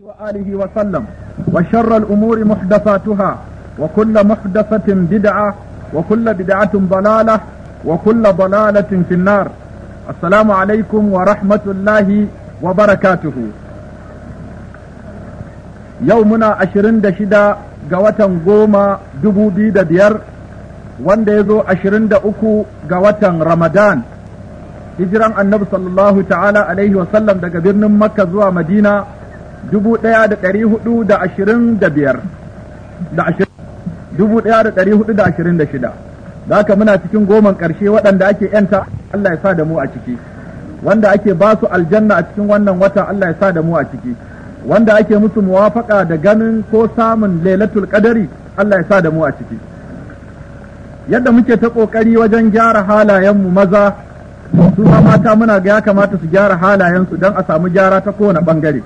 وآله وسلم وشر الأمور محدثاتها وكل محدثة بدعة وكل بدعة ضلالة وكل ضلالة في النار السلام عليكم ورحمة الله وبركاته يومنا عشرين دشدا قوة قوما دبو بيد ديار وان ديزو عشرين دأكو قوة رمضان hijiran annabi sallallahu ta'ala alaihi sallam daga birnin makka zuwa madina dubu ɗaya da ɗari hudu da ashirin da biyar da ashirin dubu ɗaya da ɗari hudu da ashirin da shida da haka muna cikin goman ƙarshe waɗanda ake yanta Allah ya sa da mu a ciki wanda ake ba su aljanna a cikin wannan wata Allah ya sa da mu a ciki wanda ake musu muwafaka da ganin ko samun lailatul qadari Allah ya sa da mu a ciki yadda muke ta ƙoƙari wajen gyara halayenmu maza su ma mata muna ga ya kamata su gyara halayensu don a samu gyara ta kowane bangare.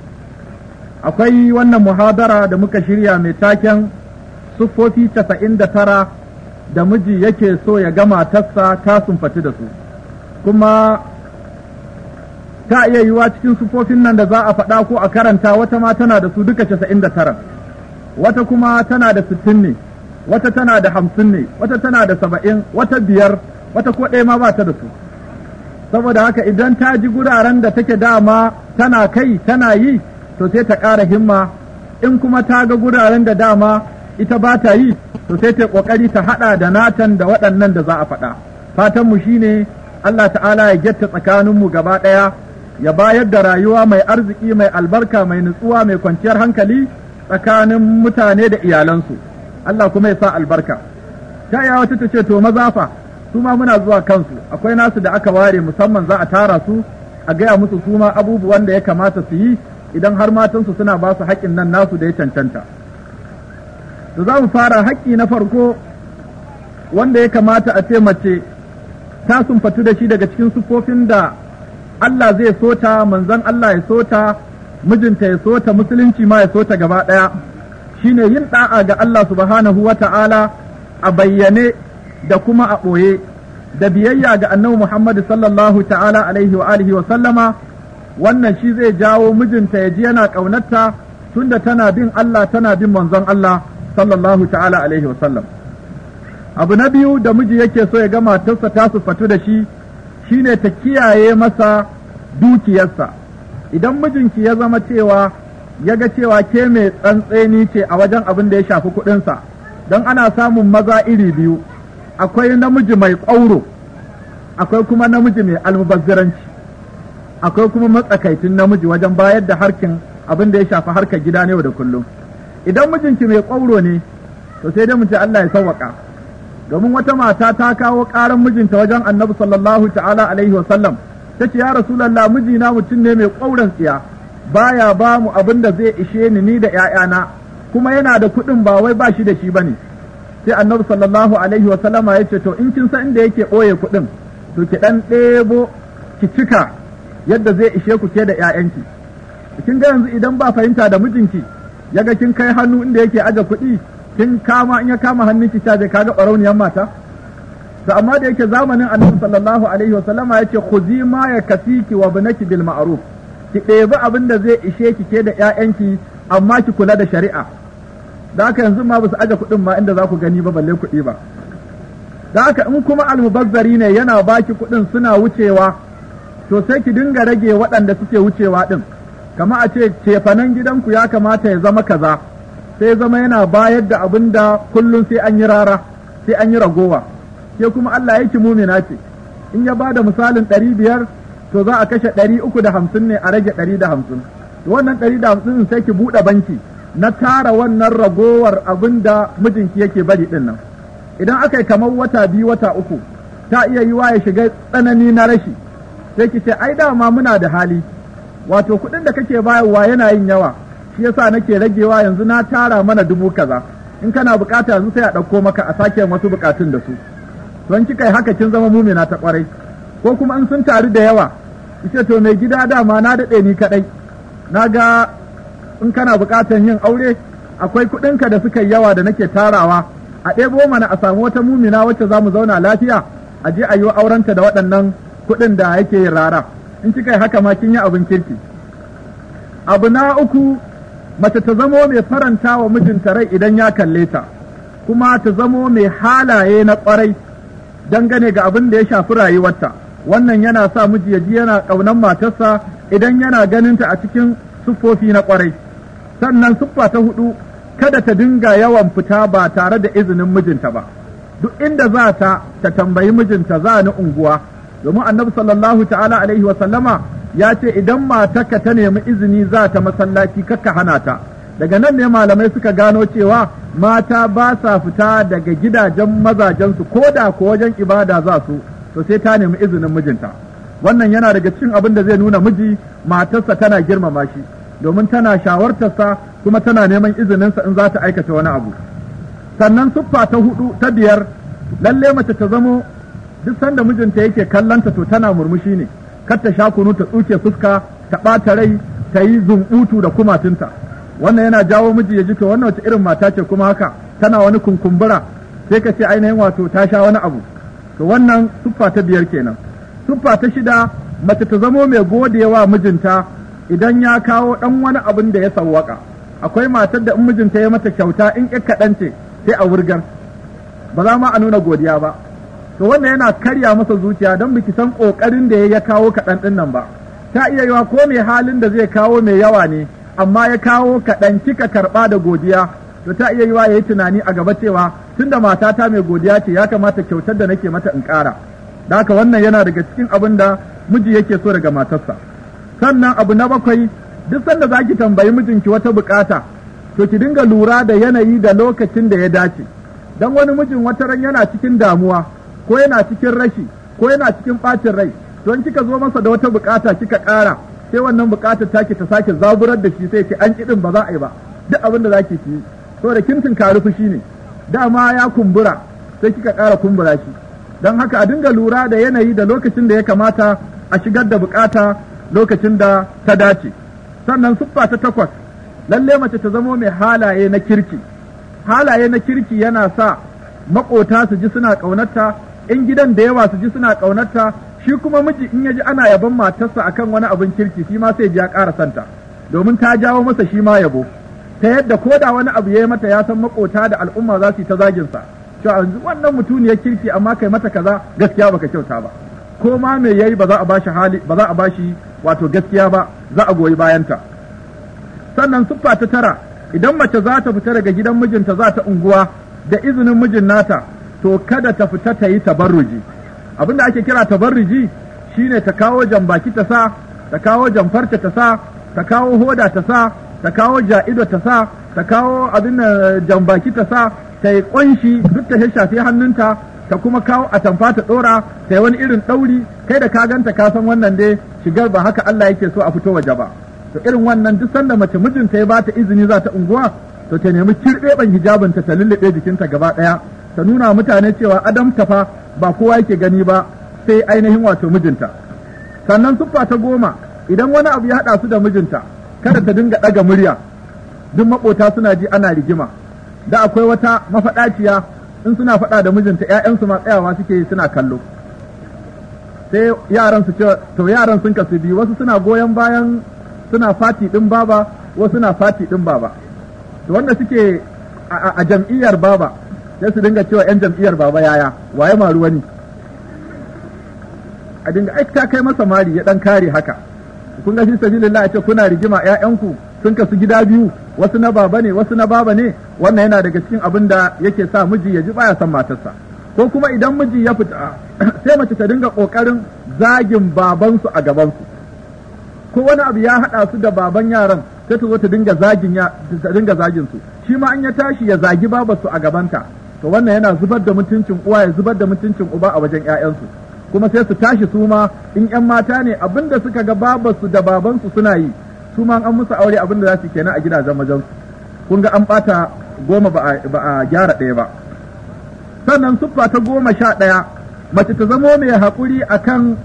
akwai wannan muhadara da muka shirya mai taken sufofi casa'in da tara da miji yake so ya gama tassa ta sumfaci da su kuma ta iya yiwa cikin sufofin nan da za a faɗa ko a karanta wata ma tana da su duka casa'in da tara wata kuma tana da sittin ne wata tana da hamsin ne wata tana da saba'in wata biyar wata ko ɗaya ma ba ta da su saboda haka idan ta ji guraren da take dama tana kai tana yi to sai ta ƙara himma in kuma ta ga guraren da dama ita ba ta yi to sai ta ƙoƙari ta haɗa da natan da waɗannan da za a faɗa fatanmu shi ne Allah ta'ala ya getta tsakaninmu gaba ɗaya ya bayar da rayuwa mai arziki mai albarka mai nutsuwa mai kwanciyar hankali tsakanin mutane da iyalansu Allah kuma ya sa albarka ta iya wata ta ce to mazafa? fa su ma muna zuwa kansu akwai nasu da aka ware musamman za a tara su a gaya musu suma abubuwan da ya kamata su yi idan har matansu suna ba su haƙƙin nan nasu da ya cancanta da za mu fara haƙƙi na farko wanda ya kamata a ce mace ta fatu da shi daga cikin sufofin da Allah zai sota manzon Allah ya sota mijinta ya sota musulunci ma ya sota gaba ɗaya Shi ne yin ɗa'a ga Allah subhanahu wa ta'ala a bayyane da kuma a ɓoye da biyayya ga annabi Muhammadu sallallahu ta'ala alaihi wa alihi wa sallama wannan shi zai jawo mijinta ya ji yana ƙaunarta tunda tana bin Allah tana bin manzon Allah sallallahu ta'ala alaihi wasallam abu na biyu da miji yake so ya ga matarsa ta fatu da shi shine ta kiyaye masa dukiyarsa idan mijinki ya zama cewa ya ga cewa ke mai tsantseni ce a wajen abin da ya shafi kuɗinsa don ana samun maza iri biyu akwai namiji mai ƙwauro akwai kuma namiji mai almubazziranci akwai kuma matsakaitun namiji wajen bayar da harkin abin da ya shafi harkar gida ne da kullum idan mijinki mai ƙwauro ne to sai dai mu ce Allah ya sawwaka domin wata mata ta kawo ƙaran mijinta wajen annabi sallallahu ta'ala alaihi wasallam ta ce ya rasulallah mijina mutum ne mai ƙwauren tsiya baya ba mu abin da zai ishe ni ni da ‘ya'yana kuma yana da kuɗin ba wai ba shi da shi ba ne sai annabi sallallahu alaihi wasallama ya ce to in kin san inda yake ɓoye kuɗin to ki ɗan ɗebo ki cika yadda zai ishe ku ke da 'ya'yanki, kin ga yanzu idan ba fahimta da mijinki ya ga kin kai hannu inda yake aje kuɗi kin kama in ya kama hannun ki je kaga barauniyar mata to amma da yake zamanin annabi sallallahu alaihi wasallama yace khuzi ma ya kasiki wa bunaki bil ma'ruf ki ɗebi abin da zai ishe ki ke da ƴaƴanki amma ki kula da shari'a da haka yanzu ma basu aje kuɗin ma inda za ku gani ba balle kuɗi ba da haka in kuma almubazzari ne yana baki kuɗin suna wucewa to sai ki dinga rage waɗanda suke wucewa ɗin kama a ce cefanen gidanku ya kamata ya zama kaza sai zama yana bayar da abin da kullum sai an yi rara sai an yi ragowa ke kuma Allah yake mumina ce in ya ba da misalin ɗari biyar to za a kashe ɗari uku da hamsin ne a rage ɗari da hamsin wannan ɗari da hamsin sai ki buɗe banki na tara wannan ragowar abin da mijinki yake bari ɗin nan idan aka yi kamar wata biyu wata uku ta iya yiwa ya shiga tsanani na rashi sai ki ce ai dama muna da hali wato kuɗin da kake bayarwa yana yin yawa shi yasa nake ragewa yanzu na tara mana dubu kaza in kana bukata yanzu sai a ɗauko maka a sake wasu bukatun da su don kika yi haka kin zama mumina ta kwarai ko kuma in sun taru da yawa ita to mai gida dama na daɗe ni kaɗai na ga in kana bukatan yin aure akwai kuɗinka da suka yi yawa da nake tarawa a ɗebo mana a samu wata mumina wacce za mu zauna lafiya a je a yi aurenta da waɗannan kuɗin da yake yin rara in kika yi haka ma kin yi abin kirki abu na uku mace ta zamo mai faranta wa mijinta rai idan ya kalle ta kuma ta zamo mai halaye na ƙwarai dangane ga abin da ya shafi rayuwarta wannan yana sa miji ya ji yana ƙaunar matarsa idan yana ganin ta a cikin siffofi na ƙwarai sannan siffa ta hudu kada ta dinga yawan fita ba tare da izinin mijinta ba duk inda za ta ta tambayi mijinta za ni unguwa domin annabi sallallahu ta'ala alaihi wa ya ce idan matarka ta nemi izini za ta masallaci kakka hana ta daga nan ne malamai suka gano cewa mata ba sa fita daga gidajen mazajensu ko da ko wajen ibada za su to sai ta nemi izinin mijinta wannan yana daga cikin abin da zai nuna miji matarsa tana girmama shi domin tana shawartarsa kuma tana neman izininsa in za ta aikata wani abu sannan siffa ta hudu ta biyar lalle mace ta zamo duk sanda mijinta yake kallanta to tana murmushi ne kar ta sha kunu ta tsuke fuska ta ɓata rai ta yi zumbutu da kumatinta wannan yana jawo miji ya ji to wannan wace irin mata ce kuma haka tana wani kunkumbura sai ka ce ainihin wato ta sha wani abu to wannan siffa ta biyar kenan siffa ta shida mace ta zamo mai godewa mijinta idan ya kawo dan wani abin da ya sawwaka akwai matar da in mijinta ya mata kyauta in ƙi kaɗan ce sai a wurgar ba za ma a nuna godiya ba to wannan yana karya masa zuciya don biki san ƙoƙarin da ya kawo kaɗan ɗin nan ba ta iya yiwa ko mai halin da zai kawo mai yawa ne amma ya kawo kaɗan kika karɓa da godiya to ta iya yiwa ya yi tunani a gaba cewa tunda matata mai godiya ce ya kamata kyautar da nake mata in ƙara da haka wannan yana daga cikin abin da miji yake so daga matarsa sannan abu na bakwai duk sanda za ki tambayi mijinki wata bukata to ki dinga lura da yanayi da lokacin da ya dace dan wani mijin wata ran yana cikin damuwa ko yana cikin rashi ko yana cikin ɓacin rai don kika zo masa da wata bukata kika ƙara sai wannan bukatar take ta sake zaburar da shi sai ki an kidin ba za a yi ba duk abin da zaki ki yi saboda kin tunkari fushi ne dama ya kumbura sai kika ƙara kumbura shi don haka a dinga lura da yanayi da lokacin da ya kamata a shigar da bukata lokacin da ta dace sannan siffa ta takwas lalle mace ta zamo mai halaye na kirki halaye na kirki yana sa maƙota su ji suna ƙaunarta in gidan da yawa su ji suna ƙaunarta shi kuma miji in ya ji ana yabon matarsa akan wani abin kirki shi ma sai ya ƙara santa domin ta jawo masa shi ma yabo ta yadda ko da wani abu ya yi mata ya san makota da al'umma za su yi ta zagin sa cewa yanzu wannan ya kirki amma kai mata kaza gaskiya baka kyauta ba ko ma me yayi ba za a bashi hali ba za a bashi wato gaskiya ba za a goyi bayanta sannan siffa ta tara idan mace za ta fita daga gidan mijinta za ta unguwa da izinin mijin nata to kada ta fita ta yi tabarruji abinda ake kira tabarruji shine ta kawo jambaki ta sa ta kawo jamfarta ta sa ta kawo hoda ta sa ta kawo ja'ido ta sa ta kawo abin eh, jambaki ta sa ta yi ƙunshi duk ta shafe hannunta ta kuma kawo atamfa ta ɗora ta yi wani irin ɗauri kai da ka ganta ka san wannan dai shigar ba haka Allah yake so a fito waje ba to irin wannan duk sanda mace mijinta ya bata izini za ta unguwa to ta nemi ban hijabinta ta lullube jikinta gaba ɗaya ta nuna mutane cewa adamtafa tafa ba kowa yake gani ba sai ainihin wato mijinta sannan siffa ta goma idan wani abu ya haɗa su da mijinta kada ta dinga ɗaga murya duk maƙota suna ji ana rigima da akwai wata mafaɗaciya in suna faɗa da mijinta ‘ya'yansu ma tsayawa suke yi suna kallo sai yaran su ce to yaran sun kasu biyu wasu suna goyon bayan suna fati ɗin baba wasu suna fati ɗin baba to wanda suke a jam'iyyar baba sai su dinga cewa yan jam'iyyar baba yaya waye maru wani a dinga ai ta kai masa mari ya dan kare haka kun ga shi sabilillah ya kuna rigima ƴaƴanku sun kasu gida biyu wasu na baba ne wasu na baba ne wannan yana daga cikin abin da yake sa miji ya ji baya son matarsa ko kuma idan miji ya fita sai mace ta dinga kokarin zagin babansu a gabansu ko wani abu ya haɗa su da baban yaran sai ta zo ta dinga zagin ya dinga zagin su shi ma an ya tashi ya zagi babarsu a gabanta to wannan yana zubar da mutuncin uwa ya zubar da mutuncin uba a wajen ƴaƴansu kuma sai su tashi su ma in ƴan mata ne abinda suka ga babarsu da babansu suna yi su ma an musu aure abinda za su kenan a gidajen majansu kun ga an bata goma ba a gyara ɗaya ba sannan siffa ta goma sha ɗaya mace ta zamo mai haƙuri akan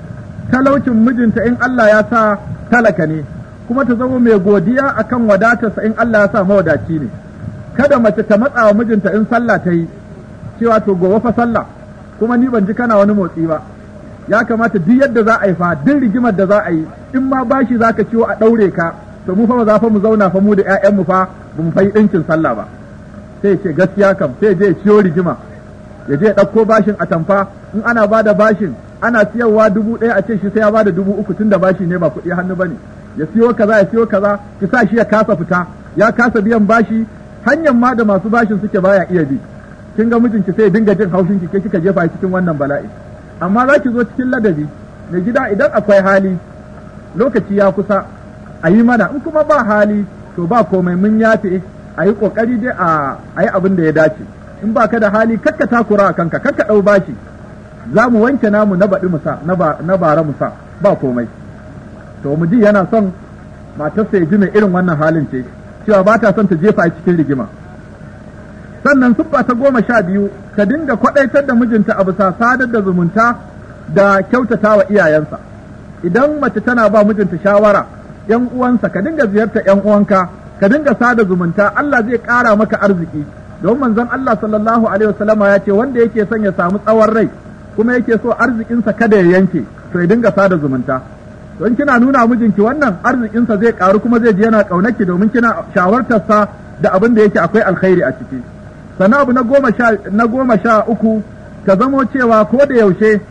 talaucin mijinta in Allah ya sa talaka ne kuma ta zama mai godiya akan wadatarsa in Allah ya sa mawadaci ne kada mace ta matsa wa mijinta in sallah ta yi cewa to gobe fa sallah kuma ni ban ji kana wani motsi ba ya kamata duk yadda za a yi fa duk rigimar da za a yi in ma bashi za ka ciwo a daure ka to mu fa ba za fa mu zauna fa mu da ƴaƴan mu fa ba mu fayi ɗinkin sallah ba sai ce gaskiya kam sai je ciwo rigima ya je ɗauko bashin a tamfa in ana bada bashin ana siyarwa dubu ɗaya a ce shi sai ya bada dubu uku tunda bashi ne ba kuɗi hannu bane ya siyo kaza ya siyo kaza ki sa shi ya kasa fita ya kasa biyan bashi hanyar ma da masu bashin suke baya iya bi kin ga mijinki sai dinga jin haushin ki ke kika jefa cikin wannan bala'i amma za ki zo cikin ladabi mai gida idan akwai hali lokaci ya kusa a yi mana in kuma ba hali to ba komai mun yafe a yi kokari dai a a yi abin da ya dace in ba ka da hali kakka takura a kanka kakka ɗau bashi za mu wanke namu na baɗi musa na bara musa ba komai to mu ji yana son matarsa ya ji mai irin wannan halin ce cewa ba ta son ta jefa cikin rigima sannan suffa ta goma sha biyu ka dinga kwaɗaitar da mijinta a bisa sadar da zumunta da kyautata wa iyayensa idan mace tana ba mijinta shawara yan uwansa ka dinga ziyarta yan uwanka ka dinga sada zumunta Allah zai ƙara maka arziki don manzon Allah sallallahu alaihi wasallama ya ce wanda yake son ya samu tsawon rai kuma yake so arzikinsa kada ya yanke to ya dinga sada zumunta don kina nuna mijinki wannan arzikinsa zai ƙaru kuma zai ji yana ƙaunaki domin kina shawartarsa da abin da yake akwai alkhairi a ciki Sana abu na goma sha uku ta zamo cewa ko da yaushe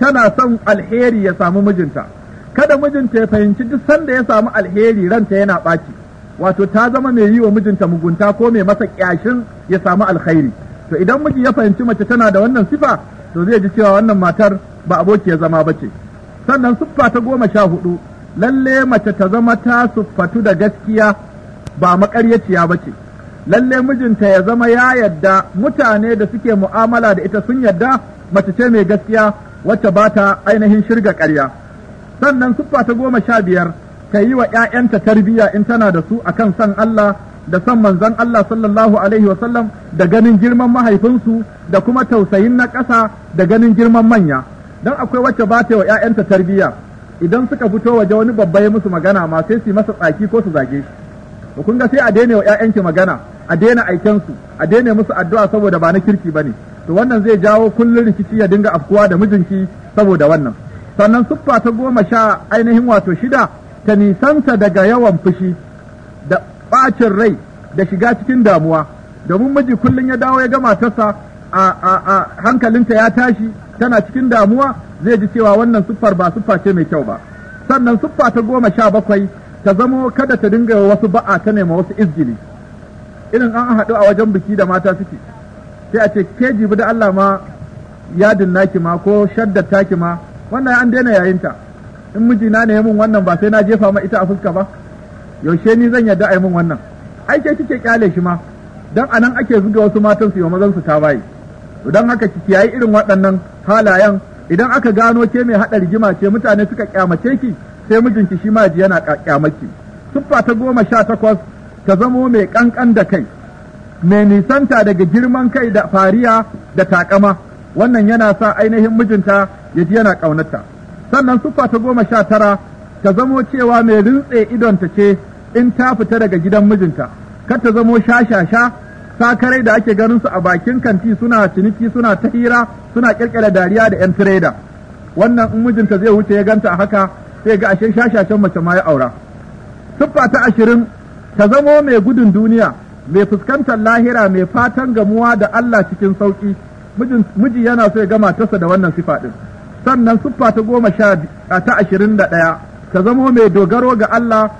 tana son alheri ya samu mijinta kada mijinta ya fahimci duk sanda ya samu alheri ranta yana ɓaci wato ta zama mai yi wa mijinta mugunta ko mai masa ƙyashin ya samu alheri. to idan miji ya fahimci mace tana da wannan sifa to zai ji cewa wannan matar ba abokiyar zama ba ce sannan siffa ta goma sha hudu lalle mace ta zama ta siffatu da gaskiya ba makaryaciya ba ce lalle mijinta ya zama ya yadda mutane da suke mu'amala da ita sun yadda mace ce mai gaskiya wacce ba ta ainihin shirga ƙarya sannan siffa ta goma sha biyar ka yi wa ‘ya'yanta tarbiyya in tana da su akan son Allah da san manzon Allah sallallahu alaihi wasallam da ganin girman mahaifinsu da kuma tausayin na ƙasa da ganin girman manya don akwai wacce ba ta wa ‘ya'yanta tarbiyya idan suka fito waje wani babba ya musu magana ma sai su yi masa tsaki ko su zage shi kun ga sai a daina wa ‘ya'yanki magana a daina aiken su a daina musu addu'a saboda ba na kirki bane to wannan zai jawo kullun rikici ya dinga afkuwa da mijinki saboda wannan sannan siffa ta goma sha ainihin wato shida ta nisanta daga yawan fushi da ɓacin rai da shiga cikin damuwa domin miji kullun ya dawo ya ga matarsa a a a hankalinta ya tashi tana cikin damuwa zai ji cewa wannan siffar ba suffa ce mai kyau ba sannan siffa ta goma sha bakwai ta zamo kada ta dinga wasu ba'a ta nema wasu izgili irin an haɗu a wajen biki da mata suke sai a ce ke jibi da Allah ma ya yadin ki ma ko shaddar taki ma wannan an daina yayinta in mijina ne ya mun wannan ba sai na jefa ma ita a fuska ba yaushe ni zan yarda a yi mun wannan ai ke kike kyale shi ma dan anan ake zuga wasu matan su yi mazan su ta bayi don haka ki kiyayi irin waɗannan halayen idan aka gano ke mai haɗa rigima ce mutane suka kyamace ki sai mijinki shi ma ji yana kyamaki siffa ta goma sha takwas ka zamo mai ƙanƙan da kai mai nisanta daga girman kai da fariya da takama wannan yana sa ainihin mijinta ya ji yana ƙaunarta sannan sufa ta goma sha tara ta zamo cewa mai rintse idonta ce in ta fita daga gidan mijinta kar ta zamo sha-shasha shashasha sakarai da ake ganin su a bakin kanti suna ciniki suna ta hira suna ƙirƙira dariya da yan tireda wannan in mijinta zai wuce ya ganta a haka sai ga ashe shashashan mace ma ya aura siffa ta ashirin ta zamo mai gudun duniya mai fuskantar lahira mai fatan gamuwa da Allah cikin sauki miji yana so ya gama tasa da wannan sifa din sannan siffa ta goma sha ta ashirin da ɗaya ka zamo mai dogaro ga Allah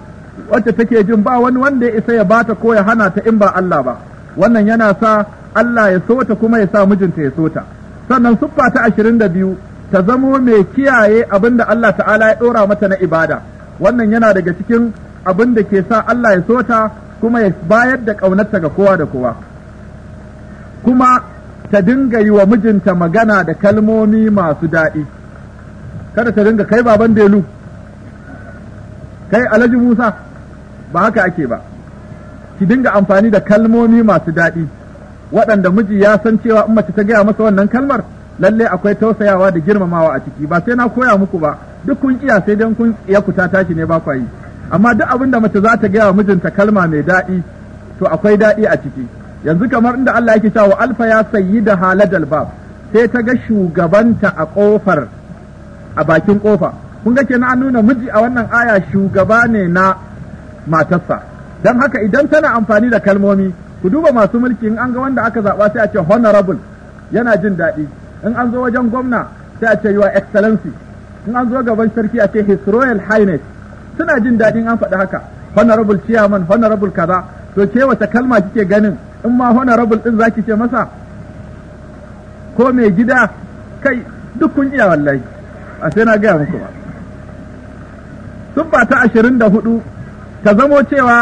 wacce take jin ba wani wanda ya isa ya bata ko ya hana ta in ba Allah ba wannan yana sa Allah ya so ta kuma ya sa mijinta ya so ta sannan siffa ta ashirin da biyu ta zamo mai kiyaye abin da Allah ta'ala ya ɗora mata na ibada wannan yana daga cikin abin da ke sa Allah ya so ta kuma ya bayar da ƙaunarta ga kowa da kowa kuma ta dinga yi wa mijinta magana da kalmomi masu daɗi kada ta dinga kai baban delu kai alhaji musa ba haka ake ba ki dinga amfani da kalmomi masu daɗi waɗanda miji ya san cewa in mace ta gaya masa wannan kalmar lalle akwai tausayawa da girmamawa a ciki ba sai na koya muku ba duk kun iya sai dan kun iya kuta ta tashi ne ba kwa amma duk abin da mace za ta gaya wa mijinta kalma mai daɗi to akwai daɗi a ciki yanzu kamar inda Allah yake cewa alfa ya sayi da haladal bab sai ta ga shugabanta a kofar a bakin kofa kun ga kenan an nuna miji a wannan aya shugaba ne na matarsa dan haka idan tana amfani da kalmomi ku duba masu mulki in an ga wanda aka zaba sai a ce honorable yana jin daɗi in an zo wajen gwamna sai a ce your excellency in an zo gaban sarki a ce his royal highness suna jin daɗin an faɗi haka honorable chairman honorable kaza to ke wata kalma kike ganin in ma honorable din zaki ce masa ko mai gida kai duk kun iya wallahi a sai na gaya muku ba suffa ta ashirin da hudu ta zamo cewa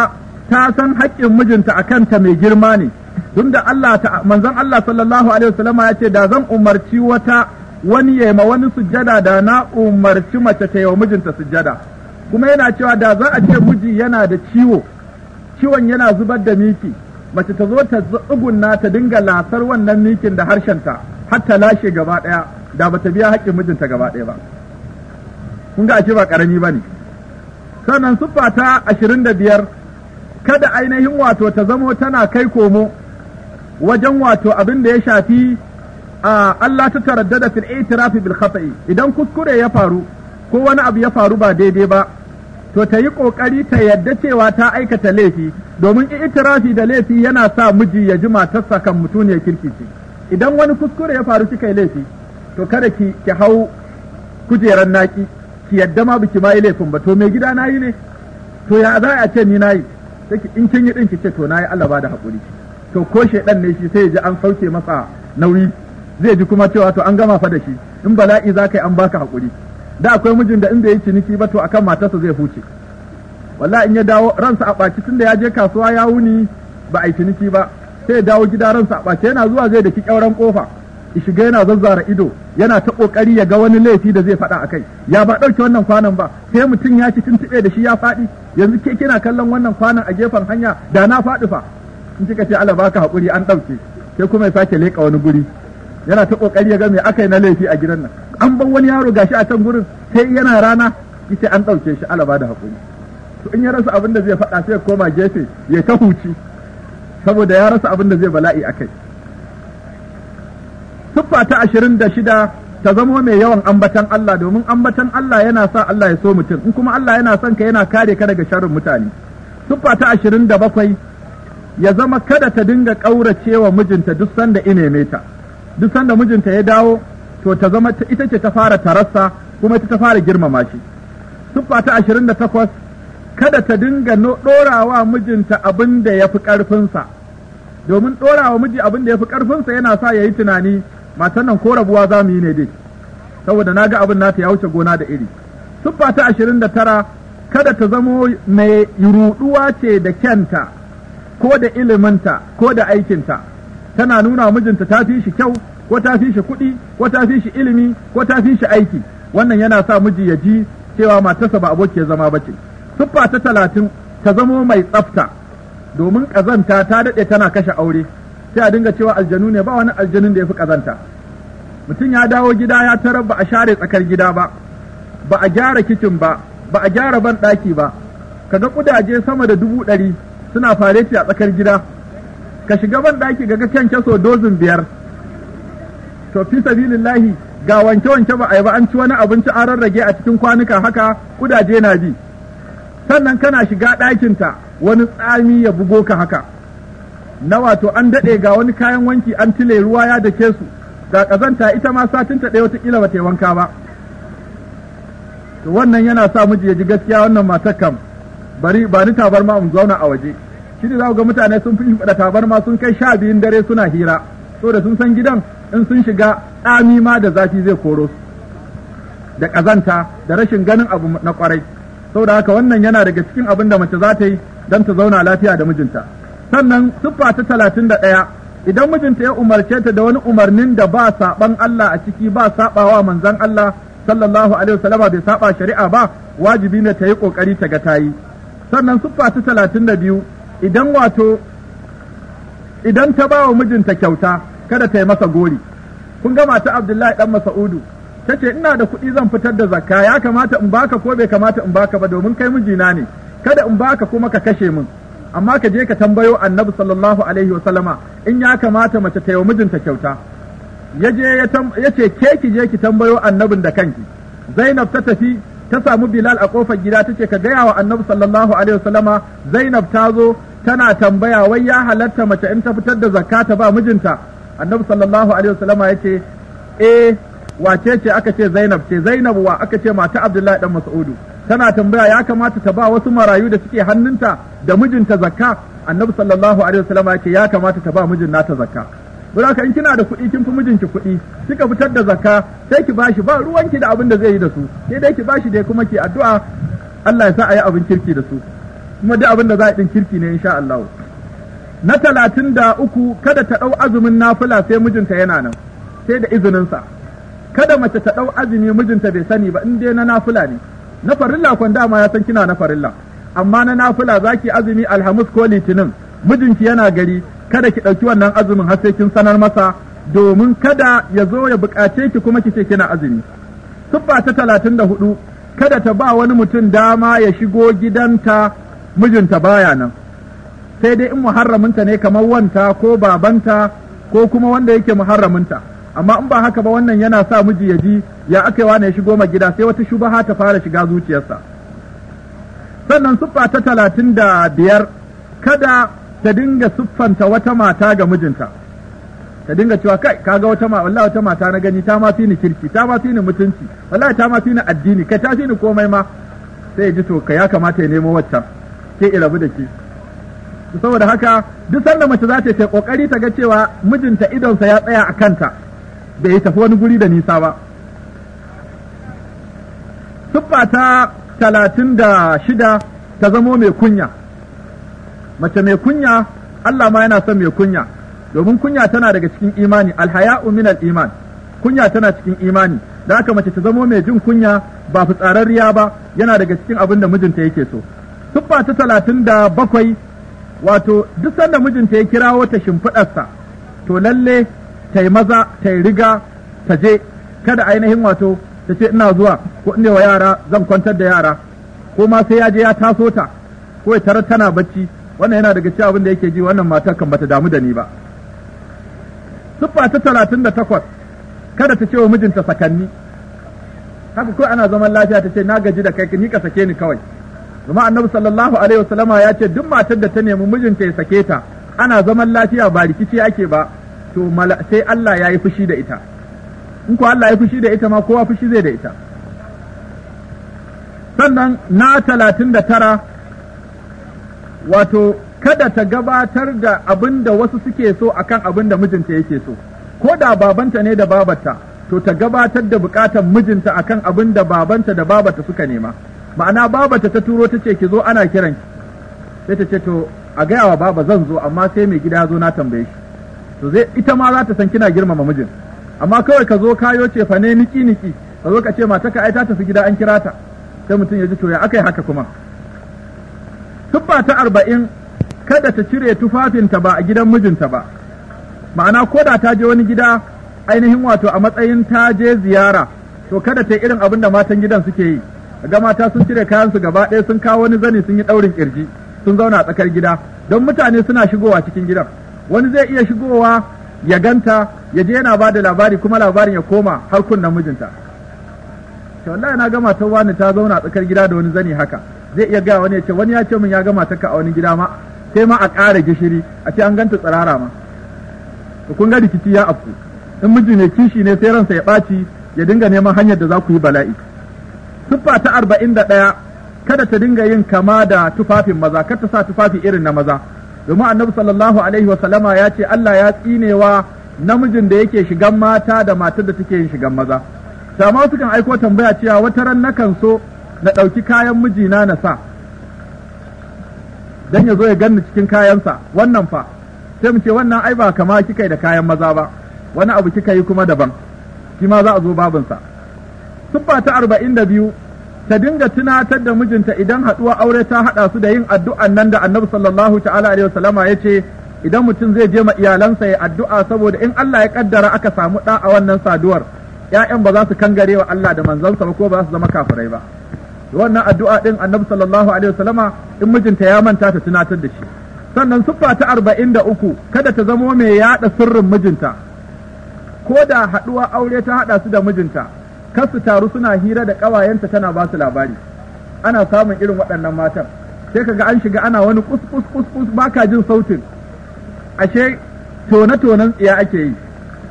ta san haƙƙin mijinta a kanta mai girma ne tun da Allah ta manzon Allah sallallahu alaihi wasallam ya ce da zan umarci wata wani yayi wani sujjada da na umarci mace ta yi wa mijinta sujjada kuma yana cewa da za a ce miji yana da ciwo ciwon yana zubar da miki mace ta zo ta tsugunna ta dinga lasar wannan mikin da harshenta har ta lashe gaba daya da bata biya haƙƙin mijinta gaba daya ba kun ga ce ba ƙarami ba ne sannan siffa ta ashirin da biyar kada ainihin wato ta zamo tana kai komo wajen wato abin da ya shafi a Allah ta taraddada fil itirafi bil khata'i idan kuskure ya faru ko wani abu ya faru ba daidai ba to ta yi ƙoƙari ta yadda cewa ta aikata laifi domin itirafi da laifi yana sa miji ya ji matarsa kan mutum ya kirkice idan wani kuskure ya faru kika yi laifi to kada ki ki hau kujerar naki ki yadda ma biki ma yi laifin ba to me gida na yi ne to ya za a ce ni nayi sai in kin yi din ce to nayi Allah ba da hakuri to ko shaidan ne shi sai ya ji an sauke masa nauyi zai ji kuma cewa to an gama fa da shi in bala'i za ka yi an baka haƙuri? da akwai mijin da inda bai yi ciniki ba to akan matarsa zai huce wallahi in ya dawo ransa a tun tunda ya je kasuwa ya wuni ba a yi ciniki ba sai ya dawo gida ransa a baki yana zuwa zai daki kofa ƙofa shiga yana zazzara ido yana ta ƙoƙari ya ga wani laifi da zai faɗa a kai ya ba ɗauke wannan kwanan ba sai mutum ya ci tuntube da shi ya faɗi yanzu ke kina kallon wannan kwanan a gefen hanya da na faɗi fa in kika ce Allah baka haƙuri an ɗauke sai kuma ya sake leƙa wani guri yana ta kokari ya ga me aka na laifi a gidan nan an bar wani yaro gashi a can gurin sai yana rana yace an ɗauke shi alaba da hakuri to in ya rasa abin da zai faɗa sai ya koma gefe ya ta huci saboda ya rasa abin da zai bala'i akai siffa ta ashirin da shida ta zama mai yawan ambatan Allah domin ambatan Allah yana sa Allah ya so mutum in kuma Allah yana son ka yana kare ka daga sharrin mutane siffa ta ashirin da bakwai ya zama kada ta dinga wa mijinta duk sanda ine ta duk sanda mijinta ya dawo to ta zama ita ce ta fara tarassa kuma ita ta fara girmama shi siffa ta ashirin kada ta dinga ɗorawa mijinta abin da ya fi ƙarfinsa domin ɗorawa miji abin da ya fi ƙarfinsa yana sa ya yi tunani matan nan ko rabuwa za mu yi ne dai saboda na ga abin nata ya wuce gona da iri siffa ta ashirin tara kada ta zamo mai ruɗuwa ce da kyanta ko da iliminta ko da aikinta tana nuna mijinta ta fi shi kyau ko ta fi shi kuɗi ko ta fi shi ilimi ko ta fi shi aiki wannan yana sa miji ya ji cewa matarsa ba abokiyar zama ba ce siffa ta talatin ta zamo mai tsafta domin ƙazanta ta daɗe tana kashe aure sai a dinga cewa aljanu ne ba wani aljanun da ya fi ƙazanta mutum ya dawo gida ya tarar ba a share tsakar gida ba ba a gyara kicin ba ba a gyara ban ɗaki ba kaga ƙudaje sama da dubu ɗari suna fareti a tsakar gida ka shiga ban daki ga kyanke so dozin biyar to fi sabilillahi ga wanke wanke ba a ba an ci wani abinci an rarrage a cikin kwanuka haka kudaje na bi sannan kana shiga ɗakinta wani tsami ya bugo ka haka na wato an daɗe ga wani kayan wanki an tile ruwa ya dake su ga ƙazanta ita ma satin ta ɗaya wata ƙila ba ta wanka ba to wannan yana sa miji ya ji gaskiya wannan matar kam bari ba ni tabar ma mu zauna a waje shi ne za ga mutane sun fi faɗa tabarma sun kai sha biyun dare suna hira saboda sun san gidan in sun shiga ɗami ma da zafi zai koro su da ƙazanta da rashin ganin abu na ƙwarai saboda haka wannan yana daga cikin abin da mace za ta yi don ta zauna lafiya da mijinta sannan siffa ta talatin da ɗaya idan mijinta ya umarce ta da wani umarnin da ba saɓan Allah a ciki ba wa manzan Allah sallallahu alaihi wasallama bai saɓa shari'a ba wajibi ne ta yi ƙoƙari ta ga ta yi sannan siffa ta talatin da biyu idan wato idan ta ba wa mijinta kyauta kada ta yi masa gori kun ga mata Abdullahi dan Mas'udu ta ce ina da kuɗi zan fitar da zakka ya kamata in baka ko bai kamata in baka ba domin kai mijina ne kada in baka kuma ka kashe min amma ka je ka tambayo annabi sallallahu alaihi wasallama in ya kamata mace ta yi mijinta kyauta ya ce ke ki je ki tambayo annabin da kanki Zainab ta tafi ta samu Bilal a kofar gida ta ce ka gaya wa annabi sallallahu alaihi wasallama Zainab ta zo tana tambaya wai ya halatta mace in ta fitar da zakka ta ba mijinta annabi sallallahu alaihi wasallama yace eh wace ce aka ce Zainab ce Zainab wa aka ce mata Abdullahi dan Mas'udu tana tambaya ya kamata ta ba wasu marayu da suke hannunta da mijinta zakka annabi sallallahu alaihi wasallama ya ya kamata ta ba mijin nata zakka Buraka in kina da kuɗi kin fi mijinki kuɗi kika fitar da zakka sai ki bashi ba ruwanki da abin da zai yi da su sai dai ki bashi dai kuma ki addu'a Allah ya sa a yi abin kirki da su kuma duk abin da za a ɗin kirki ne insha Allah na talatin da uku kada ta ɗau azumin nafila sai mijinta yana nan sai da izininsa kada mace ta ɗau azumi mijinta bai sani ba in dai na nafila ne na farilla kwan dama ya san kina na farilla amma na nafila za ki azumi alhamis ko litinin mijinki yana gari kada ki ɗauki wannan azumin har sai kin sanar masa domin kada ya zo ya buƙace ki kuma ki ce kina azumi siffa ta talatin da hudu kada ta ba wani mutum dama ya shigo gidanta mijinta baya nan sai dai in muharraminta ne kamar wanta ko babanta ko kuma wanda yake muharraminta amma in ba haka ba wannan yana sa miji ya ji ya akaiwa ne shigo ma gida sai wata shubaha ta fara shiga zuciyarsa sannan siffa ta talatin da biyar kada ta dinga siffanta wata mata ga mijinta ta dinga cewa kai kaga wata ma wallahi wata mata na gani ta ma ni kirki ta ma ni mutunci wallahi ta ma ni addini kai ta fi ni komai ma sai ya ji to ka ya kamata ya nemo waccan sai in rabu da ke. saboda haka duk sanda mace za ta yi kokari ta ga cewa mijinta idonsa ya tsaya a kanta bai tafi wani guri da nisa ba siffa ta talatin da shida ta zamo mai kunya mace mai kunya Allah ma yana son mai kunya domin kunya tana daga cikin imani alhaya'u minal iman kunya tana cikin imani da haka mace ta zamo mai jin kunya ba fitsararriya ba yana daga cikin abin da mijinta yake so Tuffa ta talatin da bakwai wato duk sanda mijinta ya kirawo ta shimfiɗarsa to lalle ta yi maza ta yi riga ta je kada ainihin wato ta ce ina zuwa ko inda wa yara zan kwantar da yara ko ma sai ya je ya taso ta ko ya tarar tana bacci wannan yana daga cikin abin da yake ji wannan matar kan bata damu da ni ba siffa ta talatin da takwas kada ta ce wa mijinta sakanni haka kawai ana zaman lafiya ta ce na gaji da kai ni ka sake ni kawai kuma annabi sallallahu alaihi wasallama ya ce duk matar da ta nemi mijinta ya sake ta ana zaman lafiya ba rikici ake ba to sai Allah ya yi fushi da ita in ko Allah ya fushi da ita ma kowa fushi zai da ita sannan na talatin da tara wato kada ta gabatar da abin da wasu suke so akan abin da mijinta yake so ko da babanta ne da babarta to ta gabatar da bukatan mijinta akan abin da babanta da babata suka nema ma'ana babata ta turo ta ce ki zo ana kiran ki sai ta ce to a gaya wa baba zan zo amma sai mai gida ya zo na tambaye shi to zai ita ma za ta san kina girmama mijin amma kawai ka zo kayo ce fa ne niki niki ka zo ka ce mata ka aita ta su gida an kira ta sai mutum ya ji to ya aka haka kuma tuffa ta arba'in kada ta cire tufafinta ba a gidan mijinta ba ma'ana ko da ta je wani gida ainihin wato a matsayin ta je ziyara to kada ta irin abin da matan gidan suke yi ga mata sun cire kayansu gaba ɗaya sun kawo wani zani sun yi ɗaurin ƙirji sun zauna a tsakar gida don mutane suna shigowa cikin gidan wani zai iya shigowa ya ganta ya je yana bada labari kuma labarin ya koma har kunnan mijinta to wallahi na gama ta wani ta zauna a tsakar gida da wani zani haka zai iya gaya wani ya ce wani ya ce min ya gama ta ka a wani gida ma sai ma a ƙara gishiri a ce an ganta tsirara ma kun ga rikici ya afku in miji ne kishi ne sai ransa ya ɓaci ya dinga neman hanyar da za ku yi bala'i siffa ta arba'in da ɗaya kada ta dinga yin kama da tufafin maza kada ta sa tufafi irin na maza domin annabi sallallahu alaihi wa sallama ya ce Allah ya tsinewa namijin da yake shigan mata da matar da take yin shigan maza sama wasu kan aiko tambaya cewa wata ran na kan so na ɗauki kayan mijina na sa dan ya zo ya ganni cikin kayansa wannan fa sai mu ce wannan ai ba kama kika da kayan maza ba wani abu kika yi kuma daban shi ma za a zo babinsa siffa ta arba'in da biyu ta dinga tunatar da mijinta idan haɗuwa aure ta haɗa su da yin addu'an nan da annabi sallallahu ta'ala alaihi wasallama ya ce idan mutum zai je ma iyalansa ya addu'a saboda in Allah ya ƙaddara aka samu ɗa a wannan saduwar ‘ya'yan ba za su kangare wa Allah da manzansa ba ko ba za su zama kafirai ba wannan addu'a ɗin annabi sallallahu alaihi wasallama in mijinta ya manta ta tunatar da shi sannan siffa ta arba'in da uku kada ta zamo mai yaɗa sirrin mijinta ko da haɗuwa aure ta haɗa su da mijinta su taru suna hira da ƙawayenta tana ba su labari ana samun irin waɗannan matan sai kaga an shiga ana wani kus kus kus kus baka jin sautin ashe tone tonen tsiya ake yi